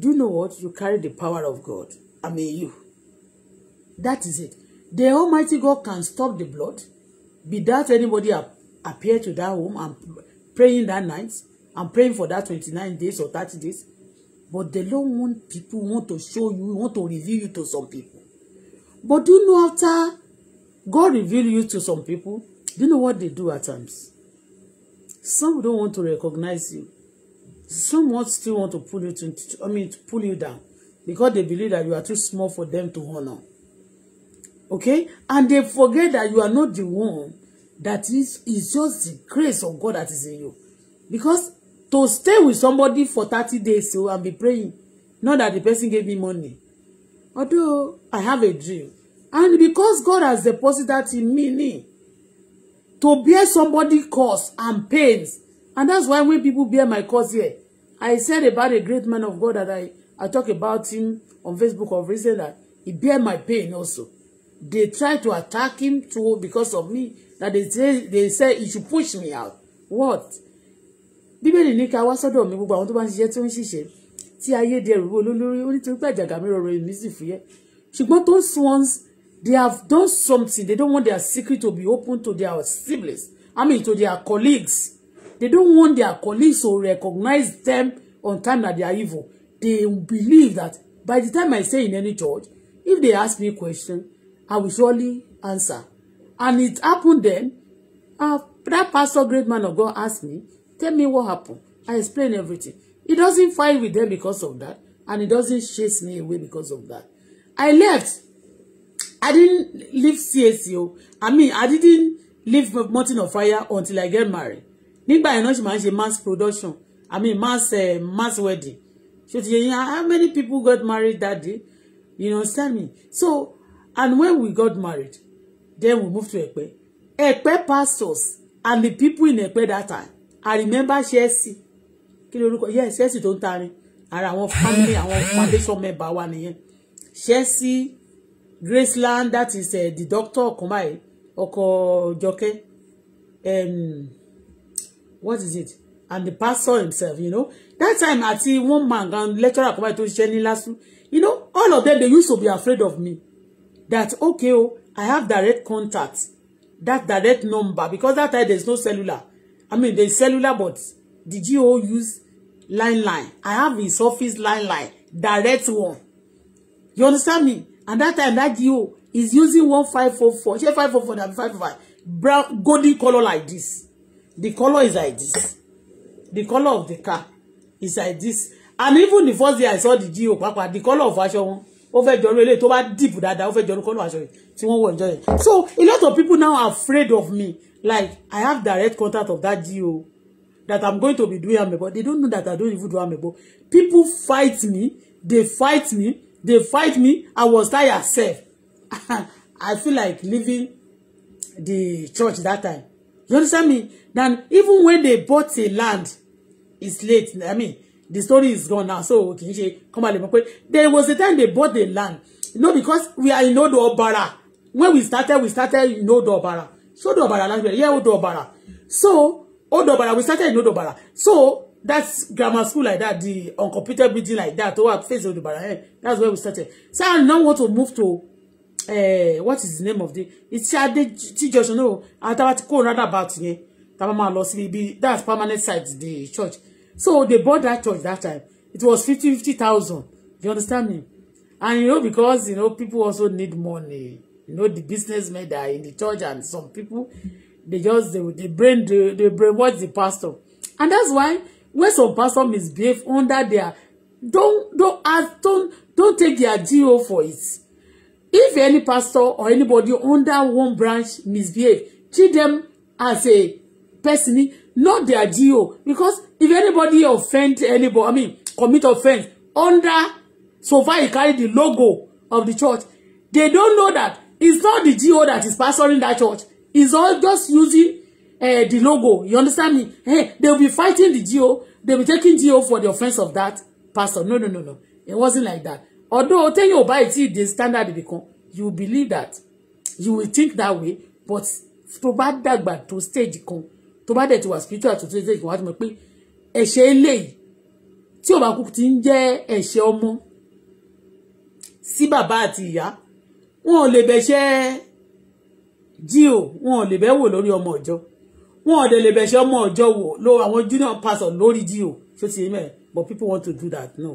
do you know what you carry the power of God I mean you that is it the Almighty God can stop the blood be that anybody apart appear to that home and praying that night and praying for that twenty nine days or thirty days. But the Lord want people want to show you, want to reveal you to some people. But do you know after God reveal you to some people, do you know what they do at times? Some don't want to recognize you. Some want still want to pull you to, I mean, to pull you down because they believe that you are too small for them to honor. Okay? And they forget that you are not the one that is is just the grace of God that is in you because to stay with somebody for thirty days so oh, and be praying not that the person gave me money although I have a dream and because God has deposited that in me me to bear somebody cause and pains and that's why when people bear my cause here I said about a great man of God that I I talk about him on Facebook of reason that he bear my pain also they try to attack him too because of me that they say they say you should push me out what bíbélì ní ká wá sọ́dọ̀ mi gbogbo àwọn tó bá ń ṣiṣẹ́ tó ń ṣiṣẹ́ tí ayé di ẹrù olólórí ó ní torí pé àjàgà mi rọrọ èmi sì fúyẹ́ ṣùgbọ́n those ones they have done something they don't want their secret to be open to their siblings I mean to their colleagues they don't want their colleagues to recognize them on time that they are evil they believe that by the time I say in any church if they ask me question I will surely answer and it happened then uh, that pastor great man of God asked me tell me what happened I explained everything he doesn't fight with them because of that and he doesn't chase me away because of that I left I didn't leave CSO. I mean I didn't leave Mountain of Fire until I get married nígbà yẹn náà ṣe máa ń mass production I mean mass uh, mass wedding ṣe ti yẹn how many people got married that day you understand me so and when we got married then we move to Ekpe. Ekpe pastors and the people in Ekpe that time. I remember Chelsea. Kí lorúkọ yẹ Chelsea tó ń tarin ara àwọn family àwọn foundation member wa nìyẹn. Chelsea Graceland that is uh, the doctor ọkàn báyìí ọkọ Jọkẹ́ what is it and the pastor himself you know that time àti one man gan lecturer kan báyìí tó ṣiṣẹ́ ní LASU you know all of them they used to be afraid of me that okay o. Oh, I have direct contact. That direct number. Because that time there's no cellular. I mean, there's cellular, but the GO use line line. I have his office line line. Direct one. You understand me? And that time, that GO is using 1544. She 544, 555. Brown, golden color like this. The color is like this. The color of the car is like this. And even the first day I saw the GO, Papa, the color of fashion ó fẹ́ jọrú eléyìí tó bá deep dáadáa ó fẹ́ jọrú kọ́nà aṣọ yìí tí wọ́n wọ̀ enjoy so a lot of people now are afraid of me like I have direct contact of that GO that I'm going to be doing amebo they don't know that I don't even do amebo people fight me they fight me they fight me I was tired sef I feel like leaving the church that time you understand me then even when they bought a land it's late I mean the story is gone now so kì í ṣe kọ́ máa lè mọ̀ pé there was a time they bought the land you know because we are in Odo Obara when we started we started in Odo Obara so Odo Obara last year yeah Odo Obara so Odo Obara we started in Odo Obara so that's grammar school like that the uncompleted building like that tó wà face Odo Obara eh that's where we started so I now want to move to uh, what is the name of the it's Ade T junction no àtàwọn tí kò rádà bá ti yẹn that's permanent site the church So they bought that church that time. It was 50, 50,000. You understand me? And you know, because, you know, people also need money. You know, the businessmen that are in the church and some people, they just, they, they brain, they, they brainwash the pastor. And that's why when some pastor misbehave under their, don't, don't ask, don't, don't take their deal for it. If any pastor or anybody under one branch misbehave, treat them as a person not their GO. Because if anybody offend anybody, I mean, commit offense under so far he carry the logo of the church, they don't know that it's not the GO that is pastoring that church. It's all just using uh, the logo. You understand me? Hey, they'll be fighting the GO. They'll be taking GO for the offense of that pastor. No, no, no, no. It wasn't like that. Although, tell you about it, the standard become, you believe that. You will think that way, but to bad that, but to stage come tó bá dẹ̀ ti wà spiritual tó ti tẹ̀síwá tó mọ̀ pé ẹ̀ṣẹ̀ eléyìí tí ò bá kú ti ń jẹ́ ẹ̀ṣẹ̀ ọmọ sí bàbá àti ìyá wọn ò lè bẹ̀ṣẹ̀ jí o wọn ò lè bẹ̀ wò lórí ọmọ ọjọ́ wọn ò dẹ̀ lè bẹ̀ṣẹ̀ ọmọ ọjọ́ wò lo àwọn junior pastor lórí jí o ṣó ti yé mẹ́rin but people want to do that no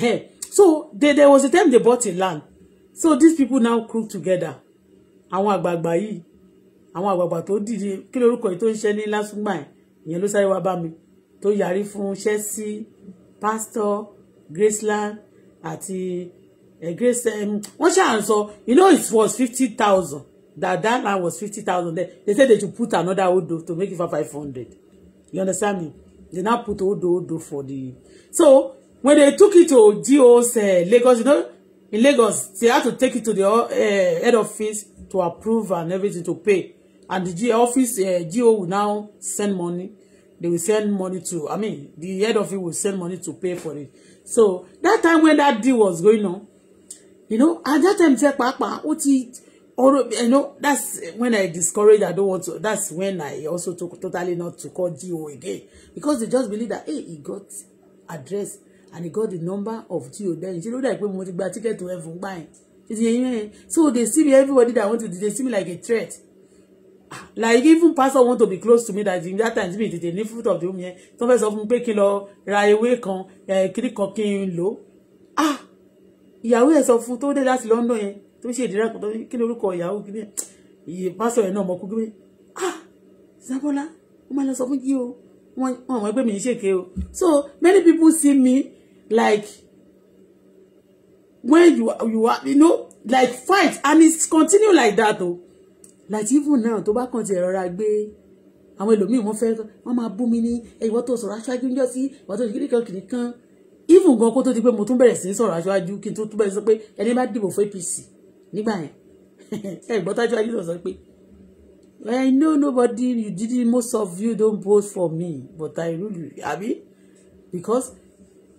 hey. so they, there was a time they bought a land so these people now group together àwọn àgbààgbà yìí àwọn àgbààgbà tó dìde kí lorúkọ yìí tó ń ṣe ní lásùgbà ìyẹn ló sáré wá bá mi tó yarí fún Chelsea pastor Graceland àti eh, Grace wọ́n ṣáà ń sọ you know it was fifty thousand that that was fifty thousand there they say they should put another odo to make it for five hundred you understand me they now put odo odo for the so when they took it to GO's uh, eh, Lagos you know in Lagos they had to take it to the uh, head office to approve and everything to pay and the G office uh, eh, GO will now send money they will send money to I mean the head of it will send money to pay for it so that time when that deal was going on you know at that time tẹ pàápàá What it, ọ̀rọ̀ you know that's when I discouraged I don't want to that's when I also took totally not to call GO again because they just believe that hey he got address and he got the number of GO then you know dà when we ti ticket to heaven gbà so they see me everybody that wanted. to they see me like a threat like even pastor want to be close to me that in that time tí mi tètè ní fruit of the womb yẹn Some fẹ́ sọ fún kilo. pé kí n lọ ra ewé kan eh, kiri kan kí n lò ah ìyàwó ẹ̀ so fún tó dé láti London yẹn To ṣe ìdíra kan tó kí ni orúkọ ìyàwó kí iye pastor yẹn náà mọ kú gbé ah Zabola wọ́n máa lọ sọ fún kí o wọ́n mọ̀ pé mi ń ṣèké o so many people see me like when you you are you know like fight and it's continue like that though. Latifu náà tó bá kàn ti ẹ̀rọra gbé àwọn ẹlòmíì wọ́n fẹ́ wọ́n máa bú mi ní ìwọ tó sọ̀rọ̀ aṣáájú níjọ́ sí ìwọ tó kiri kan kiri kan even gan kó tó di pé mo tún bẹ̀rẹ̀ sí sọ̀rọ̀ aṣáájú kí n tó tún bẹ̀rẹ̀ sọ pé ẹni bá dìbò fún APC nígbà yẹn ẹ̀gbọ́n tó aṣáájú sọ pé I know nobody you didn't most of you don't vote for me but I rule you abi because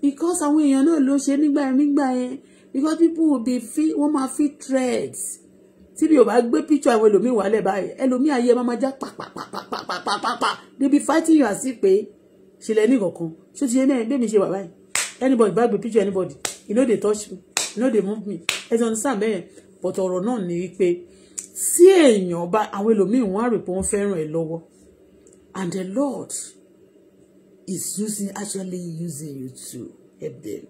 because àwọn èèyàn náà ló ṣe nígbà yẹn nígbà yẹn because people will be feel wọ́n máa feel threats tí mi ò bá gbé píṣọ àwọn ẹlòmíì wálẹ̀ báyìí ẹlòmíì ayé máa máa já pàpàpàpàpàpàpà débi fighting yàn sí pé ṣẹlẹ̀ ní kankan ṣó ti yé mẹ́rin bẹ́ẹ̀ mi ṣe wà báyìí anybody bá gbé píṣọ anybody you no dey touch me you no dey move me ẹ ti understand bẹ́ẹ̀ but ọ̀rọ̀ náà ni wípé tí èèyàn bá àwọn ẹlòmíì wọ́n á rò pé wọ́n fẹ́ràn ẹ lọ́wọ́ and the Lord is using actually using you to help them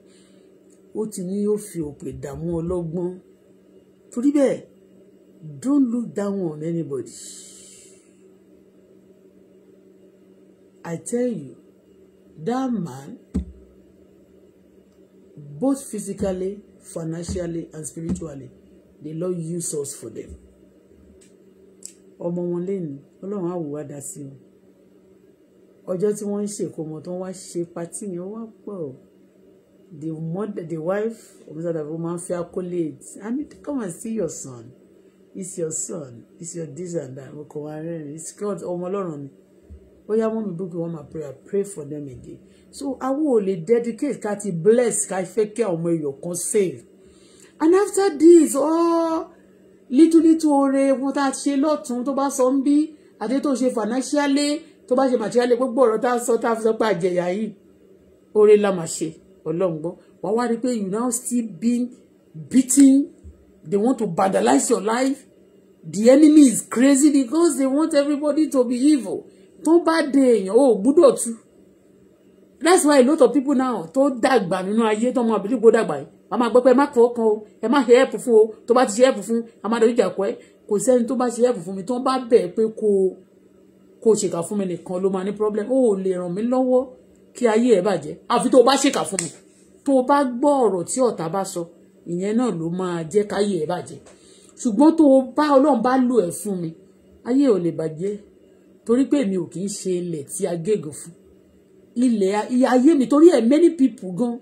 ó ti ní yóò fi òpè dààmú ọlọ́gbọ́n torí bẹ́ẹ̀ Don't look down on anybody. I tell you, that man, both physically, financially, and spiritually, the Lord use us for them. ọmọ wọn lẹ́nu ọlọ́run àwòwá dá sí wọn ọjọ́ tí wọ́n ń ṣèkómọ tó ń wá ṣe patí ni ó wá pọ̀ the mother the wife of mr david woman fi accolades I mean come and see your son it's your son it's your this and that ọkọ wa rẹ́rìn it's God ọmọ ọlọ́run ni bóyá mọ́mí búkú wọn máa prayer. pray for them again so awo ò dedicate ká ti bless ká fẹ́ kí ọmọ èèyàn kan save and after this oh, little little oore wọn tá a ṣe lọ́tún tó bá sọ ń bí àti tó ṣe financially tó bá ṣe materially gbogbo ọ̀rọ̀ tá a sọ tá a fi sọ pé àjẹyà yìí oore la máa ṣe ọlọ́run gbọ́ wàá wá rí i pé you now still being beating They want to vandalize your life. The enemy is crazy because they want everybody to be evil. Tó bad day. Oh, ò gbúdọ̀ tú. That's why a lot of people now tó dàgbà You know, I hear àbílí I believe yìí. Màá máa gbọ́ pé ẹ má kọ́ ọkàn o, ẹ má ṣe help fún o, tó bá ti ṣe help fún, a máa dojú ìjà kọ́ ẹ. Kò sẹ́ni tó bá ṣe help fún mi tó bá bẹ̀ pé kò kò ṣèkà fún problem. Oh, ò lè ràn mí lọ́wọ́ kí ayé ẹ bàjẹ́. Àfi tó o bá ṣèkà fún mi. Tó o bá ìyẹn náà ló máa jẹ́ káyé ẹ̀ bàjẹ́ ṣùgbọ́n tó o bá ọlọ́run bá lò ẹ̀ fún mi ayé ò lè bàjẹ́ torí pé èmi ò kì í ṣe ilẹ̀ tí a gégùn fún ilẹ̀ ayé mi torí ẹ̀ many people gan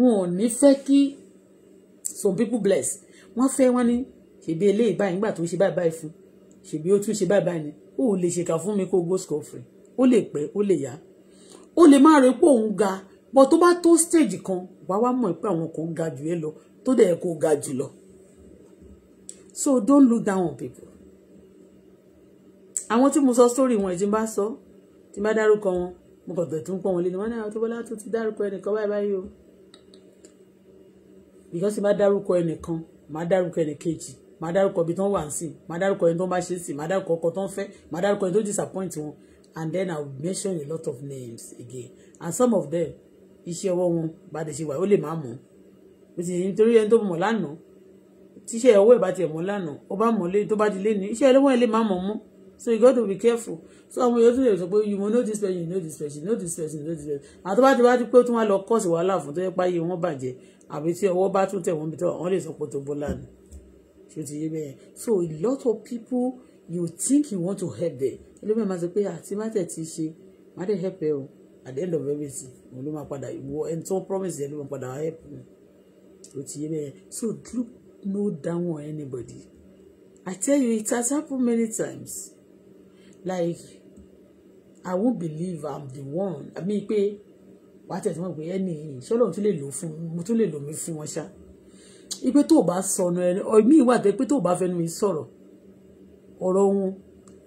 wọn ò ní fẹ́ kí some people bless wọ́n fẹ́ wọ́n ní ṣèbí eléyìí báyìí nígbà tó ń ṣe báyìí báyìí fún ṣèbí ó tún ṣe báyìí báyìí ni ó lè ṣèkà fún mi kó go score free ó lè pẹ́ ó lè yá ó lè má rẹ pé òun ga bọ́ tó bá tó stage kan wàá wá mọ̀ pé àwọn kan ga jù ẹ lọ tó dẹ̀ kó ga jùlọ so don't look down on people àwọn tí mo sọ story wọn ìjì bá sọ tí bá dárúkọ wọn mo kàn tẹ̀ tó ń pọ̀ wọn lé ní wọn náà tó bọ́lá tó ti dárúkọ ẹnìkan báyìí báyìí o because tí bá dárúkọ ẹnìkan màá dárúkọ ẹnìkejì màá dárúkọ ibi tó ń wà ń sìn màá dárúkọ ẹni tó ń bá ṣe sìn màá dárúkọ ọkọ tó ń fẹ́ màá dárúkọ ẹni tó disappoint wọn and then i will mention a lot of names again and some of them iṣẹ́ ọwọ́ wọn bá ti ṣe wà ó lè má mọ̀ ọ́ òsì nítorí ẹni tó mọ̀ lánàá tíṣẹ́ ọwọ́ ìbá tiẹ̀ mọ́ lánàá ó bá mọ̀ lé tó bá ti lé ní iṣẹ́ ẹlẹ́wọ̀n ẹ̀ lè má mọ̀ mọ́ so you got to be careful so àwọn èèyàn tún lè sọ pé you know this person you know this person you know this person you know this person àwọn tó bá ti wá ti pé ó tún wá lọ kọ́ọ̀sì wàhálà fún tó yẹ pa iye wọn bàjẹ́ àbí tí ọwọ́ bá tún tẹ̀ wọ́n bí tọ́ lè sọ pé tó bọ́lá ni ṣé ti yé bẹ́ẹ̀ so a lot of people you think you want to help them ẹlẹ́mìí máa sọ pé àti ah, má tẹ̀ ti ṣe má tẹ̀ help ẹ o at the end of everything òun ló máa padà ìwọ ẹni tó promise yẹn ló máa padà help me ó ti so look no down on anybody I tell you it has happened many times like I won't believe I'm the one I mean pé wàá tẹ̀sí wọn pé ẹni yìí ṣọlọ́run tún lè lò fún mo tún lè lò mí fún wọn ṣá ipe tó o bá sọnù ẹni ọmí ìwà tẹ pé tó o bá fẹnu mi sọ̀rọ̀ ọ̀rọ̀ wọn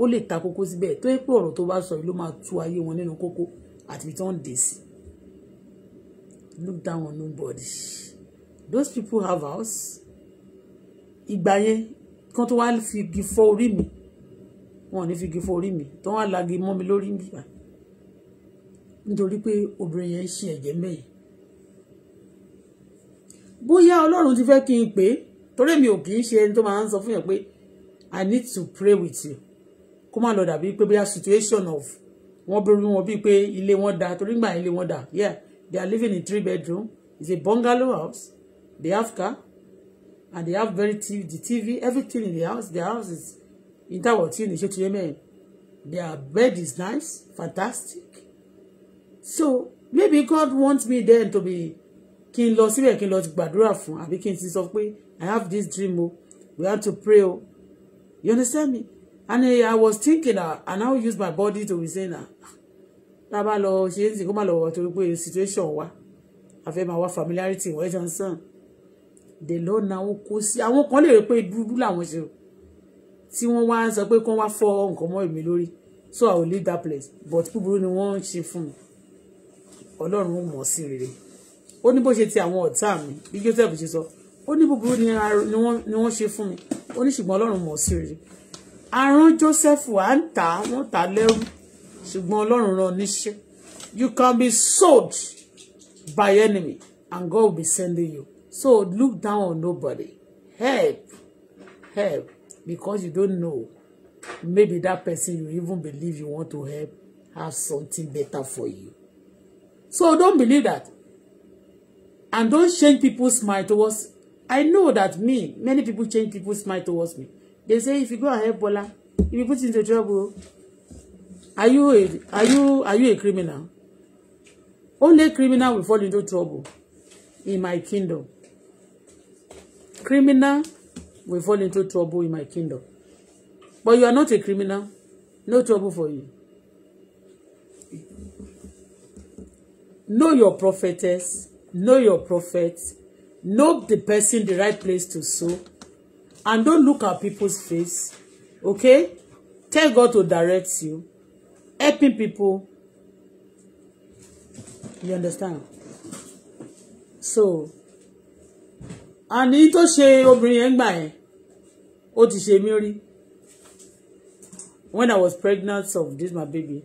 ó lè ta kókó síbẹ̀ tó yẹ pé ọ̀rọ̀ tó bá sọ yìí ló máa tú ayé wọn nínú kókó àti ibi dé sí look down on nobody those people have house ìgbà yẹn kan tó wá fi igi fọ́ orí mi wọn ò ní fi igi fọ́ orí mi tó wá lagi mọ́ mi lórí mi gbà nítorí pé obìnrin yẹn ń ṣe ẹ̀jẹ̀ mẹ́yìn bóyá ti fẹ́ kí n pè é mi ò kì í ṣe ẹni tó máa ń sọ fún yẹn i need to pray with you kó má lọ dàbí pé bóyá situation of wọ́n bẹ̀rù wọn bíi pé ilé wọn da torí gbà ilé wọn da yeah they are living in three bedroom it's a bungalow house They have car and they have very TV, the TV, everything in the house. Their house is in that what in the Their bed is nice, fantastic. So maybe God wants me then to be kí n lọ síbẹ̀ kí n lọ gbàdúrà fún àbí kí n I have this dream o we have to pray o you understand me and I was thinking uh, I now use my body to be saying ah tá a bá lọ ṣe é sì kó má situation wa a fẹ́ máa wá familiarity wọ́n ẹ̀ jọ dè lọ́nà oko sí àwọn kan lè rí pé dúdú làwọn ṣe o tí wọ́n wá ń sọ pé kán wá fọ́ nǹkan mọ́ èmi so I will leave that place but búburú ni wọ́n ń ṣe fún mi ọlọ́run mọ̀ sí rere ó ní bó ṣe ti àwọn ọ̀tá mi bí Joseph ṣe sọ ó ní búburú ni wọ́n ṣe fún mi ó ní ṣùgbọ́n ọlọ́run mọ̀ sí rere àrùn Joseph à ń tà wọ́n tà lẹ́rú ṣùgbọ́n ọlọ́run rán níṣẹ́ you can be sold by enemy and God will be sending you So look down on nobody. Help. Help. Because you don't know. Maybe that person you even believe you want to help have something better for you. So don't believe that. And don't change people's mind towards. I know that me, many people change people's mind towards me. They say, if you go and help Bola, if you put into trouble, are you a, are you are you a criminal? Only criminal will fall into trouble in my kingdom criminal will fall into trouble in my kingdom but you are not a criminal no trouble for you know your prophetess know your prophet know the person the right place to sow and don't look at people's face okay tell God to direct you helping people you understand so àní tó ṣe obìnrin yẹn gbà yẹn ó ti ṣe mí rí when I was pregnant of this my baby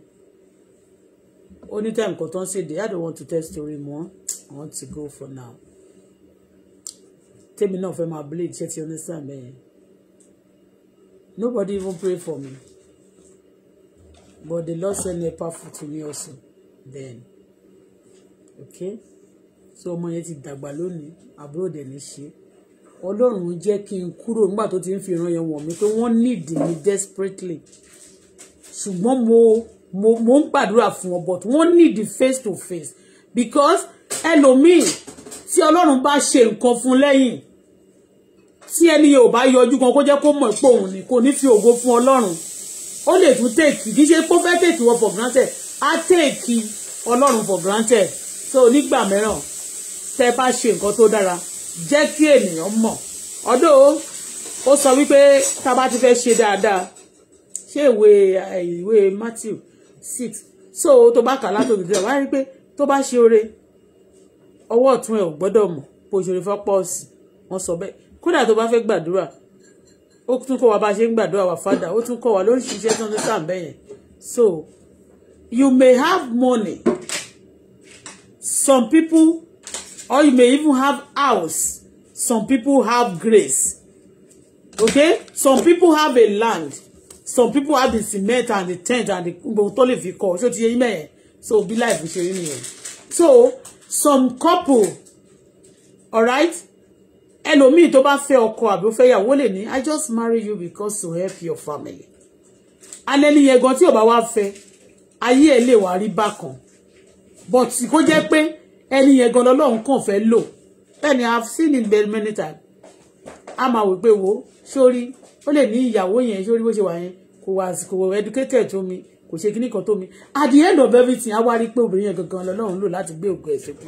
ó time kan tó ń ṣèdè I don't want to tell story more I want to go for now tèmi náà fẹ́ máa bleed ṣé ti understand me. nobody even pray for me but the Lord send helper to me also then okay so ọmọ yẹn ti dàgbà lónìí àbúrò dẹ̀ ní ṣe ọlọ́run jẹ́ kí n kúrò nígbà tó ti ń fi ìran yẹn wọ̀n mi pé wọ́n need me desperately ṣùgbọ́n mo mo mo ń gbàdúrà fún ọ but wọ́n need face to face because ẹlòmíì tí ọlọ́run bá ṣe nǹkan fún lẹ́yìn tí ẹni yóò bá yọjú kan kó jẹ́ kó mọ̀ pé òun ni kò ní fi ògo fún ọlọ́run ó lè tún tèkì kì í ṣe pé ó fẹ́ tèkì wọ for granted á tèkì ọlọ́run for granted so nígbà mìíràn tẹ́ bá ṣe nǹkan tó dára jẹ́ kí ènìyàn mọ̀ ọdọ ó sọ wípé tá a bá ti fẹ́ ṣe dáadáa ṣé ìwé ìwé Matthew six so tó bá kà látòkè díẹ̀ wá rí pé tó bá ṣe oore ọwọ́ ọ̀tún ẹ̀ ò gbọ́dọ̀ mọ̀ bó ṣe oore fọ́pọ́ọ̀sì wọ́n sọ bẹ́ẹ̀ kódà tó bá fẹ́ gbàdúrà ó tún kọ́ wa bá ṣe ń gbàdúrà wà fàdà ó tún kọ́ wa lórí ṣiṣẹ́ tó ń sàn bẹ́yẹn so you may have money some people or you may even have house some people have grace okay some people have a land some people have the cement and the tent and the gbogbo tó So fi kọ́ ti yẹ imẹ so be life with your nìyẹn so some couple all alright ẹlòmíì tó bá fẹ́ ọkọ àbí ó fẹ́ yàwó lè ní i just marry you because to help your family anẹni yẹn gan tí ò bá wá fẹ́ ayé ẹ̀ lè wá rí bákan but kó jẹ́ pé ẹni yẹn gan lọ́lọ́run kàn fẹ́ lò ẹni i have seen it very many times a máa wò pé wo sórí ó lè ní ìyàwó yẹn sórí bó ṣe wà yẹn kò wà kò educated tó mi kò ṣe kíní kan tó mi at the end of everything a wá rí pé obìnrin yẹn gangan lọ́lọ́run lò láti gbé ògùn ẹ̀ sókè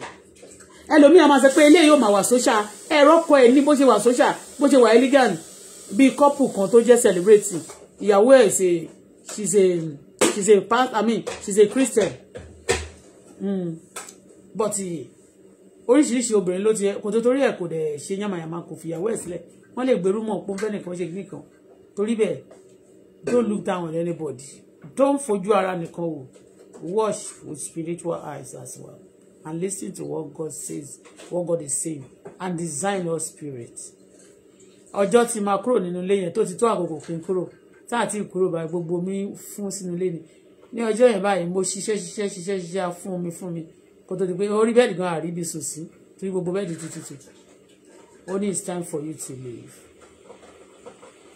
ẹlòmíà máa sọ pé eléyìí ò máa wà sóṣà ẹ̀rọ kọ ẹ̀ ní bó ṣe wà sóṣà bó ṣe wà elegant bíi couple kan tó jẹ́ celebrating ìyàwó ẹ̀ ṣe she's a she's a past i mean she's a christian mm but eh, oríṣiríṣi obìnrin ló ti kò tó torí ẹ̀ kò dẹ̀ ṣe yàmàyàmà kò fìyàwó ẹ̀ sílẹ̀ wọ́n lè gbèrú mọ̀ pé fẹ́nìkan ṣe nìkan torí bẹ́ẹ̀ don't look down on anybody don't fojú ara nìkan wò watch with spiritual eyes as well and listen to what God says what God is saying and design your spirit ọjọ́ tí máa kúrò nínú ilé yẹn tó ti tó àkókò kí n kúrò tá àti ìkúrò báyìí gbogbo mi fún sínú ilé ni ní ọjọ́ yẹn báyìí mo ṣiṣẹ́ ṣiṣẹ́ ṣiṣẹ́ ṣiṣẹ́ fún mi fún mi kó tó di pé orí bẹ́ẹ̀dì gan àríbi sùn torí gbogbo bẹ́ẹ̀dì tutù tutù ó ní it's time for you to leave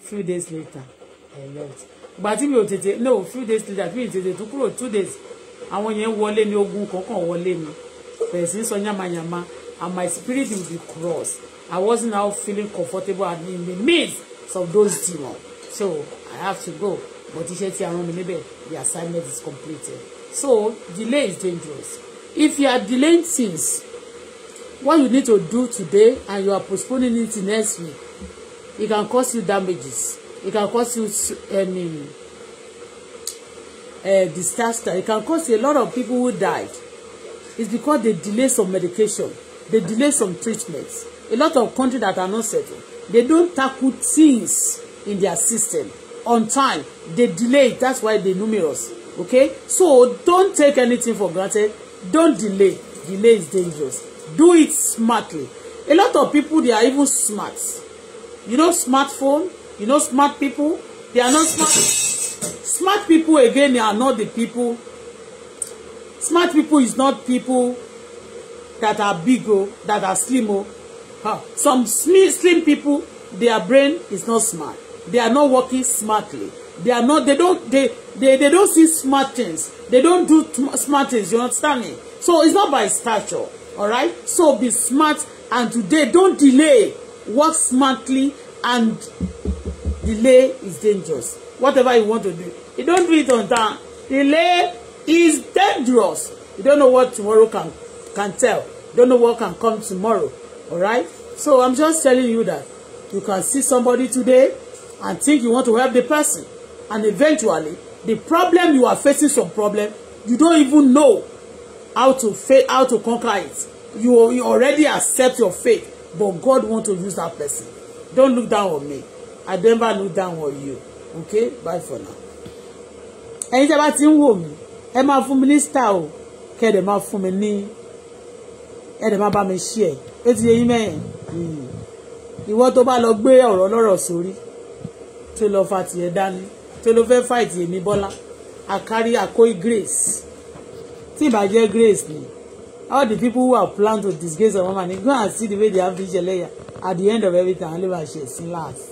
few days later I left ìgbà tí mi ò tètè no few days later mi ò tètè tó kúrò two days àwọn yẹn wọlé ní ogun kọ̀ọ̀kan wọlé mi bẹ̀rẹ̀ sí sọ yamayama and my spirit will be crossed I was now feeling comfortable and in the midst of those demons so I have to go but iṣẹ́ tí a rán mi níbẹ̀ the assignment is completed so delay is dangerous if you are delaying things what you need to do today and you are postponing it to next week it can cause you damages it can cause you I um, mean, uh, disaster it can cause a lot of people who died it's because they delay some medication they delay some treatments a lot of countries that are not settled they don't tackle things in their system on time they delay that's why they numerous okay so don't take anything for granted don't delay delay is dangerous do it smartly a lot of people they are even smart you know smartphone you know smart people they are not smart smart people again they are not the people smart people is not people that are big o oh, that are slim o oh. huh. some slim people their brain is not smart they are not working smartly They are not, they don't, they, they, they don't see smart things. They don't do smart things, you understand me? So it's not by stature, all right? So be smart and today don't delay. Work smartly and delay is dangerous. Whatever you want to do, you don't do it on time. Delay is dangerous. You don't know what tomorrow can can tell. You don't know what can come tomorrow. All right? So I'm just telling you that you can see somebody today and think you want to help the person and eventually the problem you are facing some problem you don't even know how to fail how to conquer it you, you already accept your fate but God want to use that person don't look down on me I never look down on you okay bye for now ẹ̀yin tí a bá ti ń wò mí ẹ máa fún mi ní star o kẹ́ ẹ̀ dẹ̀ máa fún mi ní ẹ̀ dẹ̀ máa bá mi ṣí ẹ̀ ó ti yẹ yín mẹ́yìn hmm. ìwọ tó bá lọ gbé ọ̀rọ̀ lọ́rọ̀ sórí tó lọ fa tiẹ̀ dání tó ló fẹ́ fight èmi Bọ́lá I carry akoi grace tí ìbàjẹ́ grace ni all the people who are plan to disgrace our mama ni go and see the way they have been ṣẹlẹ́yà at the end of everything àwọn lè bá ṣe sí last.